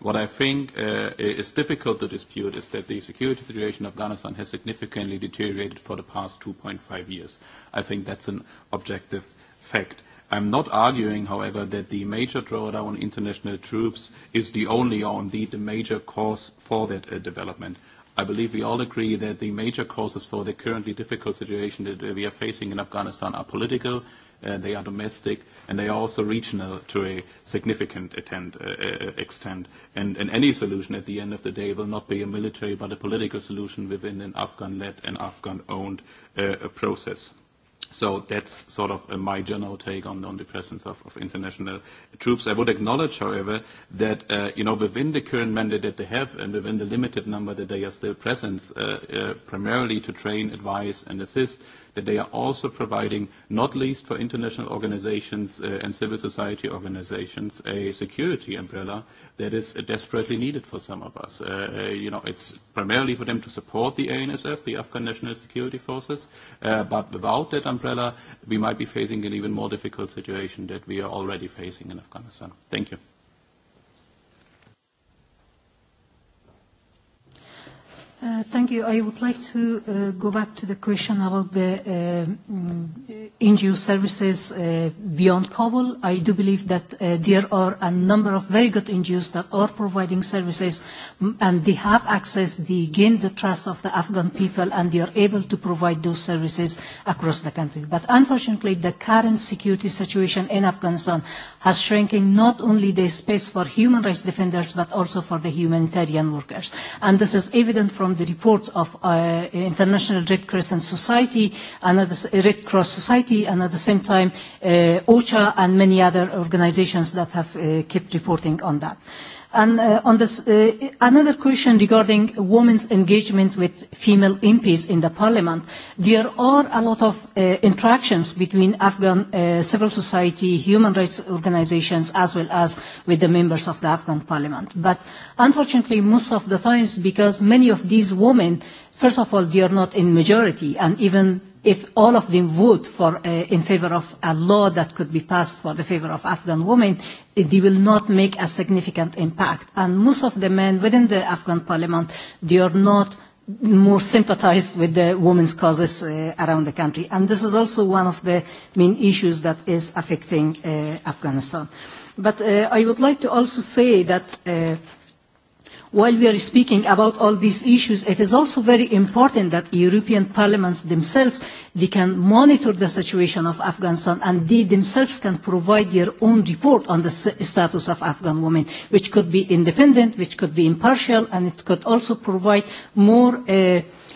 What I think is difficult to dispute is that the security situation in Afghanistan has significantly deteriorated for the past 2.5 years. I think that's an objective fact. I'm not arguing, however, that the major drawdown on international troops is the only or indeed the major cause for that development. I believe we all agree that the major causes for the currently difficult situation that we are facing in Afghanistan are political, they are domestic, and they are also regional to a significant extent. And any solution at the end of the day will not be a military but a political solution within an Afghan-led and Afghan-owned process. So that's sort of my general take on the presence of international troops. I would acknowledge, however, that, you know, within the current mandate that they have and within the limited number that they are still present, primarily to train, advise, and assist, that they are also providing, not least for international organizations and civil society organizations, a security umbrella that is desperately needed for some of us. You know, it's primarily for them to support the ANSF, the Afghan National Security Forces, but without that umbrella, we might be facing an even more difficult situation that we are already facing in Afghanistan. Thank you. Thank you. I would like to go back to the question about the NGO services beyond Kabul. I do believe that there are a number of very good NGOs that are providing services and they have access, they gain the trust of the Afghan people and they are able to provide those services across the country. But unfortunately, the current security situation in Afghanistan has shrinking not only the space for human rights defenders but also for the humanitarian workers. And this is evident from the reports of International Red Crescent Society and Red Cross Society and at the same time OCHA and many other organizations that have kept reporting on that on this, another question regarding women's engagement with female MPs in the parliament. There are a lot of interactions between Afghan civil society, human rights organizations, as well as with the members of the Afghan parliament. But unfortunately, most of the times, because many of these women, first of all, they are not in majority, and even if all of them vote for in favor of a law that could be passed for the favor of Afghan women, they will not make a significant impact. And most of the men within the Afghan parliament, they are not more sympathized with the women's causes around the country. And this is also one of the main issues that is affecting Afghanistan. But I would like to also say that While we are speaking about all these issues, it is also very important that European parliaments themselves they can monitor the situation of Afghanistan and they themselves can provide their own report on the status of Afghan women, which could be independent, which could be impartial, and it could also provide more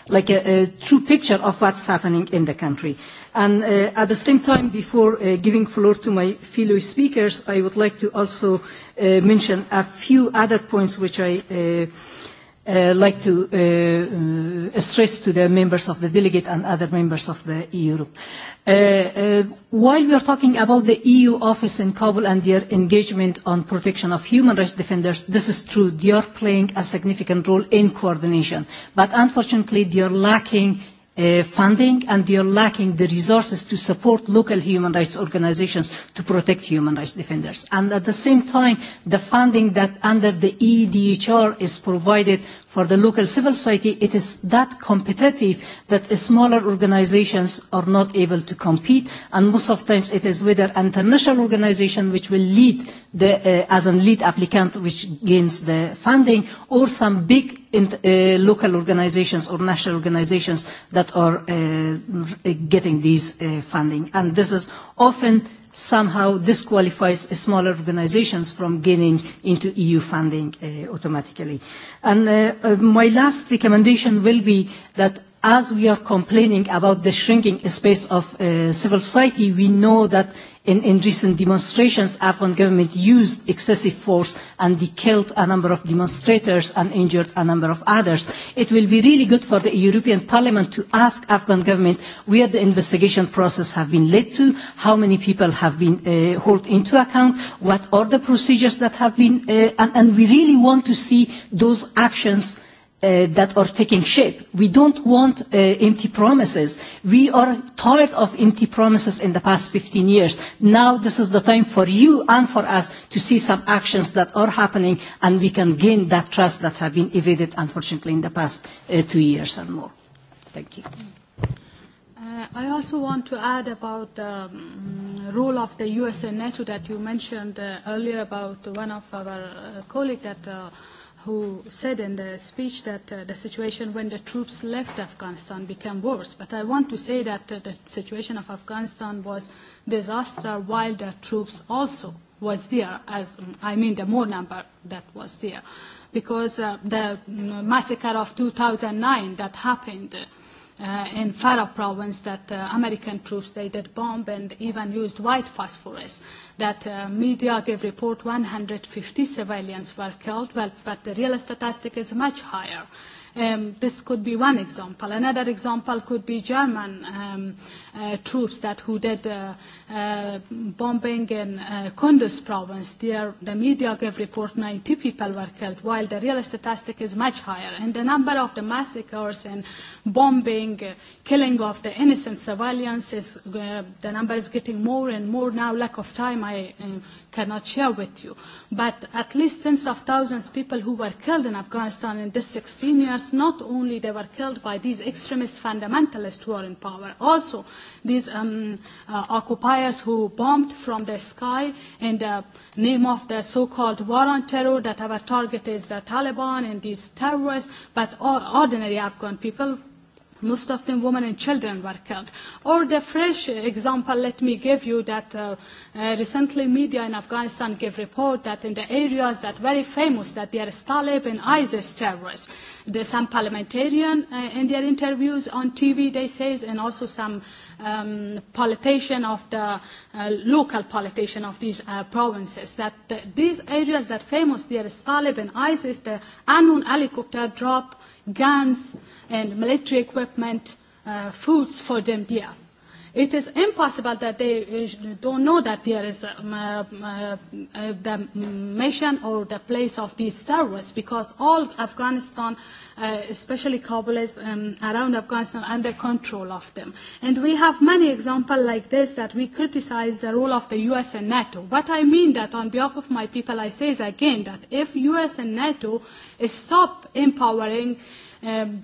like a true picture of what's happening in the country. And at the same time, before giving floor to my fellow speakers, I would like to also mention a few other points which I like to stress to the members of the delegate and other members of the EU. While we are talking about the EU office in Kabul and their engagement on protection of human rights defenders, this is true. They are playing a significant role in coordination, but unfortunately they are lacking funding and they are lacking the resources to support local human rights organizations to protect human rights defenders. And at the same time, the funding that under the EDHR is provided for the local civil society, it is that competitive that smaller organizations are not able to compete. And most of times it is with an international organization which will lead as a lead applicant which gains the funding or some big in local organizations or national organizations that are getting these funding. And this is often somehow disqualifies smaller organizations from gaining into EU funding automatically. And my last recommendation will be that as we are complaining about the shrinking space of civil society, we know that in recent demonstrations, Afghan government used excessive force and killed a number of demonstrators and injured a number of others. It will be really good for the European Parliament to ask Afghan government where the investigation process has been led to, how many people have been held into account, what are the procedures that have been, and we really want to see those actions that are taking shape. We don't want empty promises. We are tired of empty promises in the past 15 years. Now this is the time for you and for us to see some actions that are happening and we can gain that trust that have been evaded unfortunately in the past two years and more. Thank you. I also want to add about the role of the USA NATO that you mentioned earlier about one of our colleagues that who said in the speech that the situation when the troops left Afghanistan became worse. But I want to say that the situation of Afghanistan was disaster while the troops also was there, as I mean the more number that was there. Because the massacre of 2009 that happened in Farah province that American troops, they did bomb and even used white phosphorus that Media gave report 150 civilians were killed, but the real statistic is much higher. This could be one example. Another example could be German troops that who did bombing in Kunduz province. There, the media gave report 90 people were killed, while the real statistic is much higher. And the number of the massacres and bombing, killing of the innocent civilians, is the number is getting more and more now. Lack of time, I cannot share with you. But at least tens of thousands of people who were killed in Afghanistan in the 16 years, not only they were killed by these extremist fundamentalists who are in power, also these occupiers who bombed from the sky in the name of the so-called war on terror that our target is the Taliban and these terrorists, but ordinary Afghan people most of them women and children were killed. Or the fresh example, let me give you that recently media in Afghanistan gave report that in the areas that very famous that there are Stalin and ISIS terrorists. There's some parliamentarian in their interviews on TV, they say, and also some politician of the local politician of these provinces, that these areas that famous there are Stalin and ISIS, the unknown helicopter drop, guns, and military equipment, foods for them there. It is impossible that they don't know that there is the mission or the place of these terrorists because all Afghanistan, especially Kabul, around Afghanistan under control of them. And we have many examples like this that we criticize the role of the U.S. and NATO. What I mean that on behalf of my people, I say again that if U.S. and NATO stop empowering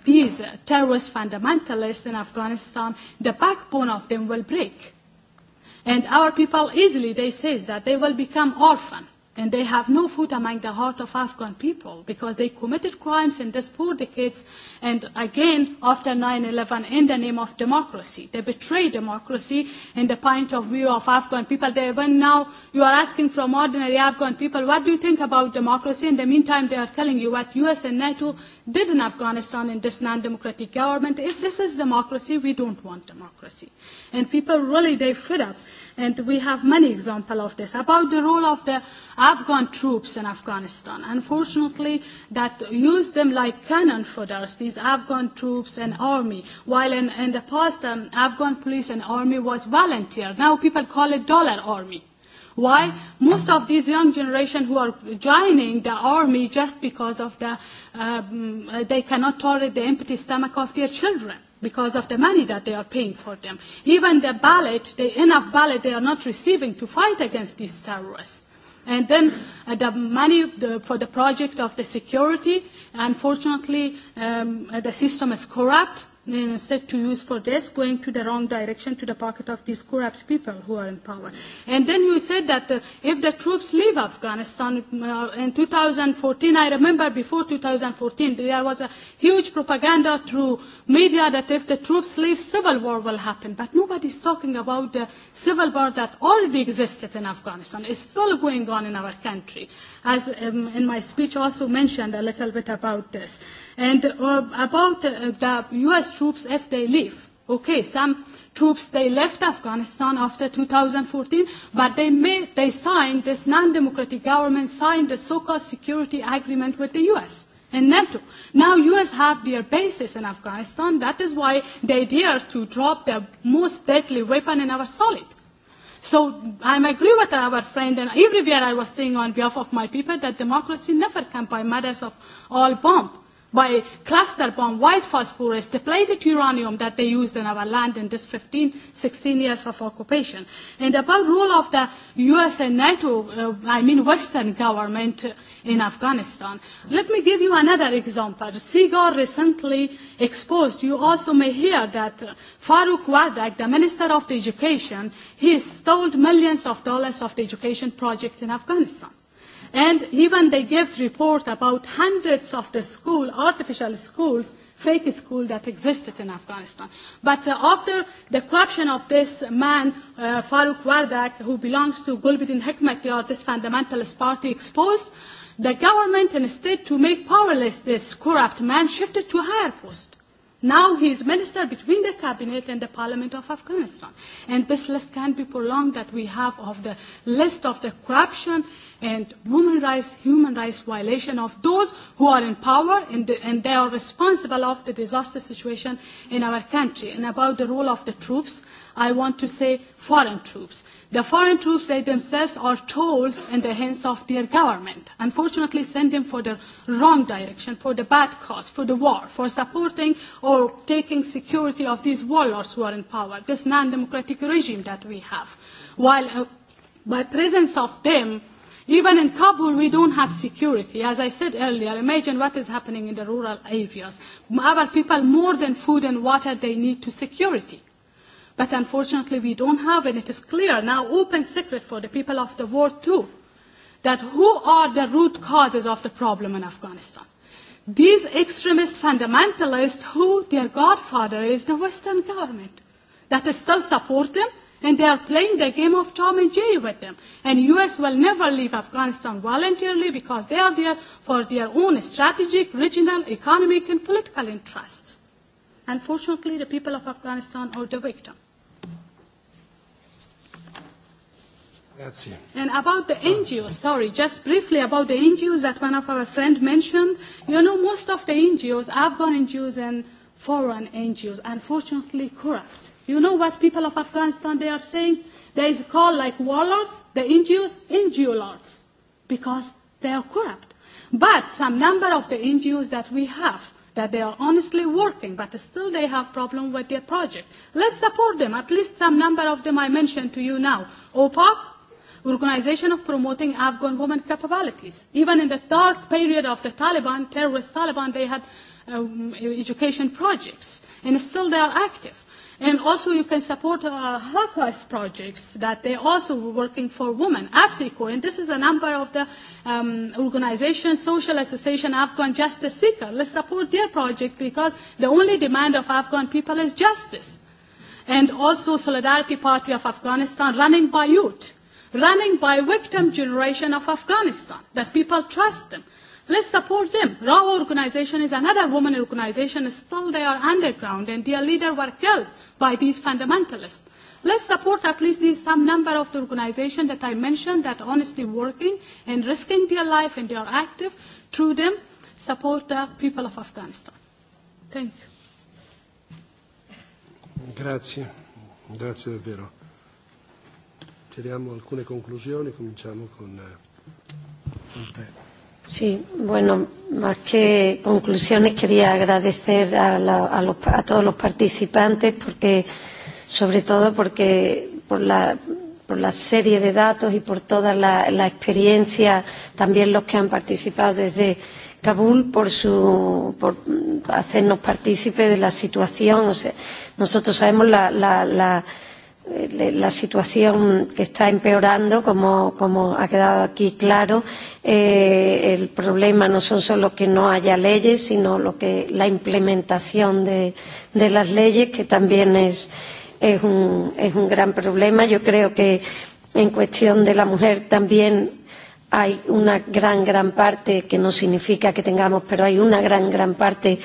these terrorist fundamentalists in Afghanistan, the backbone of them will break. And our people easily, they says that they will become orphan and they have no food among the heart of Afghan people because they committed crimes in these four decades and again after 9-11 in the name of democracy. They betray democracy in the point of view of Afghan people. They even now you are asking from ordinary Afghan people, what do you think about democracy? In the meantime, they are telling you what US and NATO did in Afghanistan in this non-democratic government. If this is democracy, we don't want democracy. And people really, they fed up. And we have many examples of this. About the role of the Afghan troops in Afghanistan. Unfortunately, that used them like cannon fodder. these Afghan troops and army. While in the past, Afghan police and army was volunteer. Now people call it dollar army Why? Most of these young generation who are joining the army just because of the, they cannot tolerate the empty stomach of their children because of the money that they are paying for them. Even the ballot, the enough ballot they are not receiving to fight against these terrorists. And then the money for the project of the security, unfortunately, the system is corrupt instead to use for this, going to the wrong direction to the pocket of these corrupt people who are in power. And then you said that if the troops leave Afghanistan in 2014, I remember before 2014 there was a huge propaganda through media that if the troops leave, civil war will happen. But nobody is talking about the civil war that already existed in Afghanistan. It's still going on in our country. As in my speech also mentioned a little bit about this. And about the U.S. troops, if they leave, okay, some troops they left Afghanistan after 2014, but they made, they signed this non-democratic government signed the so-called security agreement with the U.S. and NATO. Now U.S. have their bases in Afghanistan. That is why they dare to drop the most deadly weapon in our solid. So I agree with our friend and everywhere I was saying on behalf of my people that democracy never can by matters of all bomb by cluster bomb, white phosphorus, depleted uranium that they used in our land in this 15, 16 years of occupation. And about role of the U.S. and NATO, I mean Western government in Afghanistan. Let me give you another example. Sigar recently exposed, you also may hear that Farouk Wadak, the Minister of Education, he stole millions of dollars of the education project in Afghanistan. And even they gave report about hundreds of the school, artificial schools, fake school that existed in Afghanistan. But after the corruption of this man, Farouk Wardak, who belongs to Gulbuddin or this fundamentalist party exposed, the government and state to make powerless this corrupt man shifted to higher post. Now he is minister between the cabinet and the parliament of Afghanistan. And this list can be prolonged that we have of the list of the corruption and women rights, human rights violation of those who are in power and, and they are responsible of the disaster situation in our country. And about the role of the troops, I want to say foreign troops. The foreign troops, they themselves are tools in the hands of their government. Unfortunately, send them for the wrong direction, for the bad cause, for the war, for supporting or taking security of these warlords who are in power, this non-democratic regime that we have. While by presence of them, Even in Kabul, we don't have security. As I said earlier, imagine what is happening in the rural areas. Our people, more than food and water, they need to security. But unfortunately we don't have, and it is clear now, open secret for the people of the world too, that who are the root causes of the problem in Afghanistan. These extremist fundamentalists, who their godfather is the Western government, that still support them, and they are playing the game of Tom and Jerry with them. And U.S. will never leave Afghanistan voluntarily because they are there for their own strategic, regional, economic, and political interests. Unfortunately, the people of Afghanistan are the victim. And about the NGOs, sorry, just briefly about the NGOs that one of our friends mentioned. You know, most of the NGOs, Afghan NGOs and foreign NGOs, unfortunately corrupt. You know what people of Afghanistan, they are saying? They is called like warlords, the NGOs, NGO lords, because they are corrupt. But some number of the NGOs that we have, that they are honestly working, but still they have problem with their project. Let's support them. At least some number of them I mentioned to you now. OPAC, organization of promoting Afghan women capabilities. Even in the dark period of the Taliban, terrorist Taliban, they had education projects, and still they are active. And also you can support Holocaust projects that they also were working for women, APSICO, and this is a number of the organization, social association, Afghan Justice Seeker. Let's support their project because the only demand of Afghan people is justice. And also Solidarity Party of Afghanistan running by youth running by victim generation of Afghanistan, that people trust them. Let's support them. Raw organization is another woman organization. Still, they are underground, and their leader were killed by these fundamentalists. Let's support at least these some number of the organizations that I mentioned that are honestly working and risking their life, and they are active. Through them, support the people of Afghanistan. Thank you. Grazie. Grazie davvero tiriamo alcune conclusioni, cominciamo con, Sí, bueno, más que conclusiones quería agradecer a, a, todos los participantes, porque, sobre todo porque por la, por la serie de datos y por toda la, la experiencia, también los que han participado desde Kabul, por, su, por hacernos partícipes de la situación. O sea, nosotros sabemos la, la, la la situación que está empeorando, como, como ha quedado aquí claro, eh, el problema no son solo que no haya leyes, sino lo que, la implementación de, de las leyes, que también es, es, un, es un gran problema. Yo creo que en cuestión de la mujer también hay una gran, gran parte, que no significa que tengamos, pero hay una gran, gran parte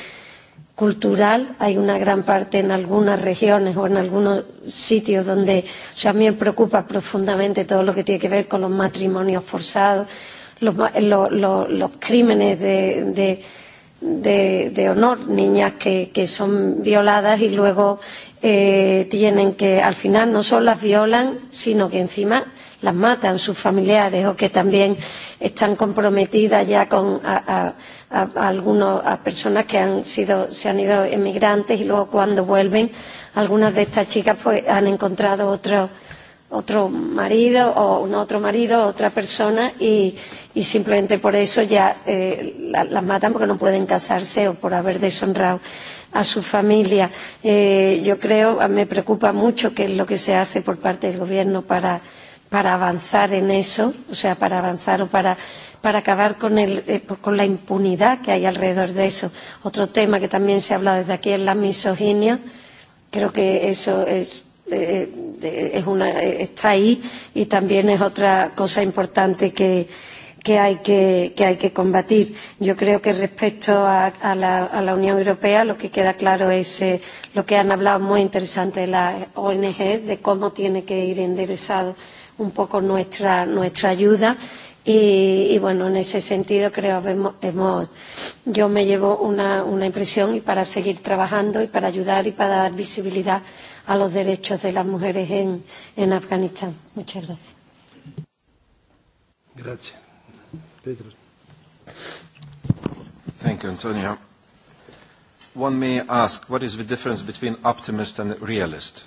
cultural. Hay una gran parte en algunas regiones o en algunos sitios donde a mí me preocupa profundamente todo lo que tiene que ver con los matrimonios forzados, los los los crímenes de de honor, niñas que son violadas y luego eh tienen que, al final, no solo las violan, sino que encima las matan sus familiares o que también están comprometidas ya con a a algunas personas que han sido se han ido emigrantes y luego cuando vuelven algunas de estas chicas pues han encontrado otro otro marido o un otro marido otra persona y y simplemente por eso ya las matan porque no pueden casarse o por haber deshonrado a su familia eh yo creo me preocupa mucho qué es lo que se hace por parte del gobierno para para avanzar en eso, o sea, para avanzar o para para acabar con el con la impunidad que hay alrededor de eso. Otro tema que también se ha hablado desde aquí es la misoginia. Creo que eso es es una está ahí y también es otra cosa importante que hay que combatir. Yo creo que respecto a la Unión Europea lo que queda claro es lo que han hablado muy interesante la ONG de cómo tiene que ir enderezado un poco nuestra nuestra ayuda y bueno en ese sentido creo que hemos yo me llevo una una impresión y para seguir trabajando y para ayudar y para dar visibilidad a los derechos de las mujeres en en Afganistán muchas gracias gracias Pedro thank you Antonio one may ask what is the difference between optimist and realist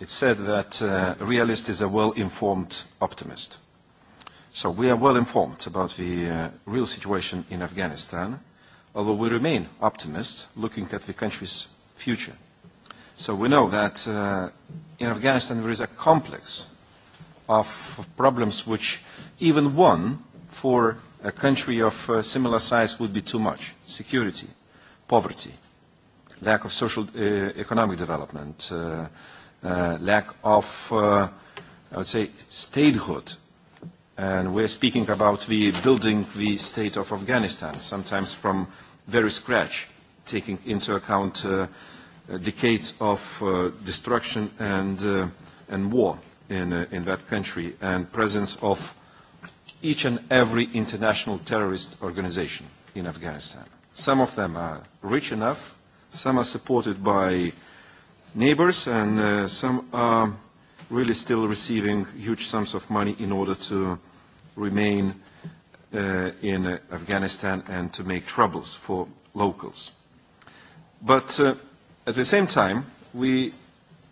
It said that a realist is a well-informed optimist. So we are well-informed about the real situation in Afghanistan, although we remain optimists looking at the country's future. So we know that in Afghanistan there is a complex of problems which even one for a country of similar size would be too much. Security, poverty, lack of social economic development, lack of, I would say, statehood. And we're speaking about the building the state of Afghanistan, sometimes from very scratch, taking into account decades of destruction and and war in in that country and presence of each and every international terrorist organization in Afghanistan. Some of them are rich enough, some are supported by neighbors, and some are really still receiving huge sums of money in order to remain in Afghanistan and to make troubles for locals. But at the same time, we,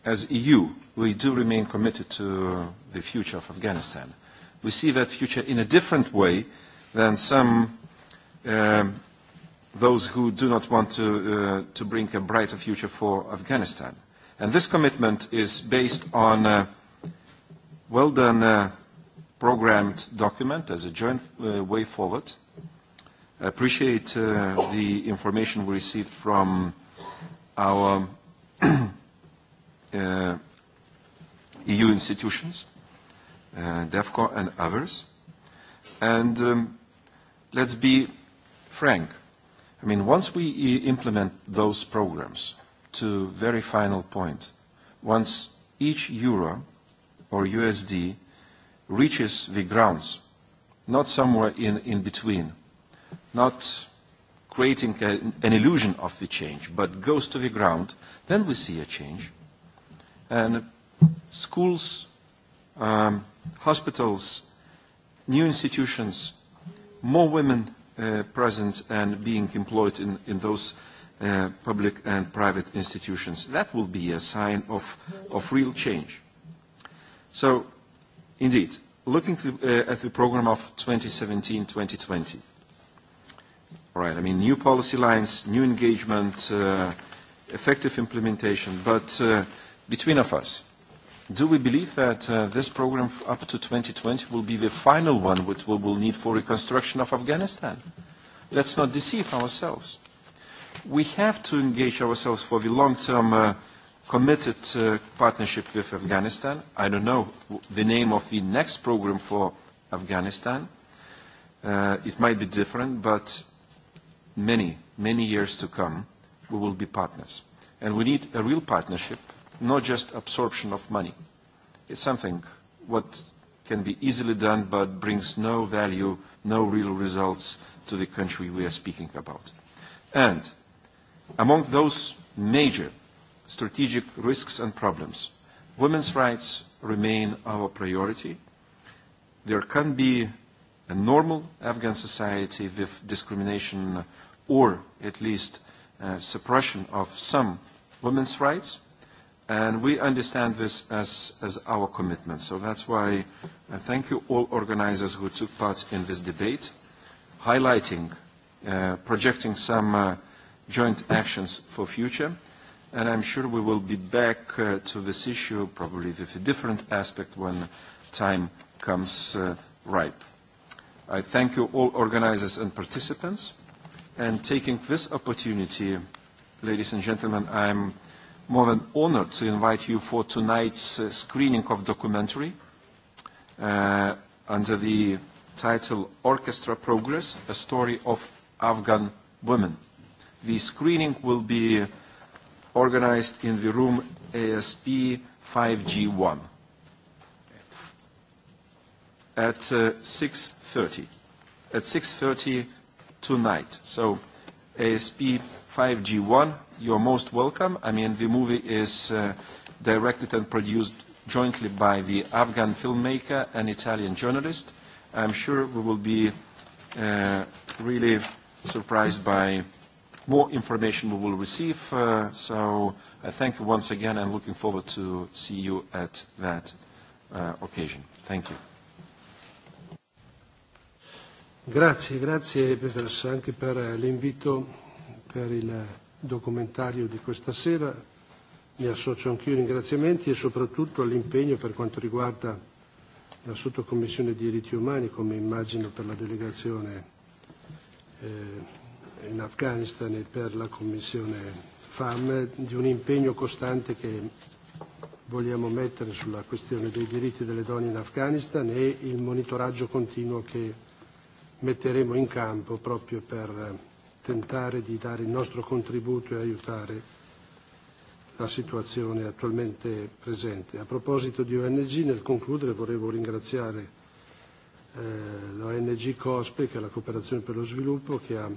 as EU, we do remain committed to the future of Afghanistan. We see that future in a different way than some those who do not want to bring a brighter future for Afghanistan. And this commitment is based on a well-done programmed document as a joint way forward. I appreciate the information we received from our EU institutions, DEFCO and others. And let's be frank. I mean, once we implement those programs, to very final point. Once each euro or USD reaches the grounds, not somewhere in, in between, not creating an illusion of the change, but goes to the ground, then we see a change. And schools, hospitals, new institutions, more women present and being employed in, in those public and private institutions. That will be a sign of of real change. So, indeed, looking at the program of 2017-2020, right, I mean, new policy lines, new engagement, effective implementation, but between of us, do we believe that this program up to 2020 will be the final one which we will need for reconstruction of Afghanistan? Let's not deceive ourselves we have to engage ourselves for the long-term committed partnership with Afghanistan. I don't know the name of the next program for Afghanistan. It might be different, but many, many years to come, we will be partners. And we need a real partnership, not just absorption of money. It's something what can be easily done, but brings no value, no real results to the country we are speaking about. And Among those major strategic risks and problems, women's rights remain our priority. There can be a normal Afghan society with discrimination or at least suppression of some women's rights, and we understand this as our commitment. So that's why I thank you all organizers who took part in this debate, highlighting, projecting some joint actions for future. And I'm sure we will be back to this issue, probably with a different aspect when time comes ripe. I thank you all organizers and participants. And taking this opportunity, ladies and gentlemen, I'm more than honored to invite you for tonight's screening of documentary under the title Orchestra Progress, a story of Afghan women. The screening will be organized in the room ASP 5G1 at 6.30, at 6.30 tonight. So ASP 5G1, you're most welcome. I mean, the movie is directed and produced jointly by the Afghan filmmaker and Italian journalist. I'm sure we will be really surprised by more information we will receive. So I thank you once again and looking forward to see you at that occasion. Thank you. Grazie, grazie Peters anche per l'invito, per il documentario di questa sera. Mi associo anch'io ai ringraziamenti e soprattutto all'impegno per quanto riguarda la sottocommissione diritti umani, come immagino per la delegazione in Afghanistan e per la Commissione FAM di un impegno costante che vogliamo mettere sulla questione dei diritti delle donne in Afghanistan e il monitoraggio continuo che metteremo in campo proprio per tentare di dare il nostro contributo e aiutare la situazione attualmente presente. A proposito di ONG, nel concludere vorrei ringraziare l'ONG COSPE, che è la cooperazione per lo sviluppo, che ha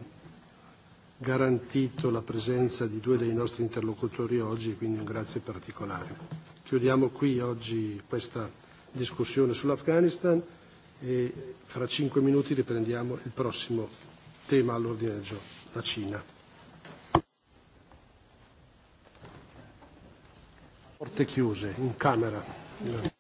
garantito la presenza di due dei nostri interlocutori oggi, quindi un grazie particolare. Chiudiamo qui oggi questa discussione sull'Afghanistan e fra cinque minuti riprendiamo il prossimo tema all'ordine del giorno, la Cina. Porte chiuse, in camera.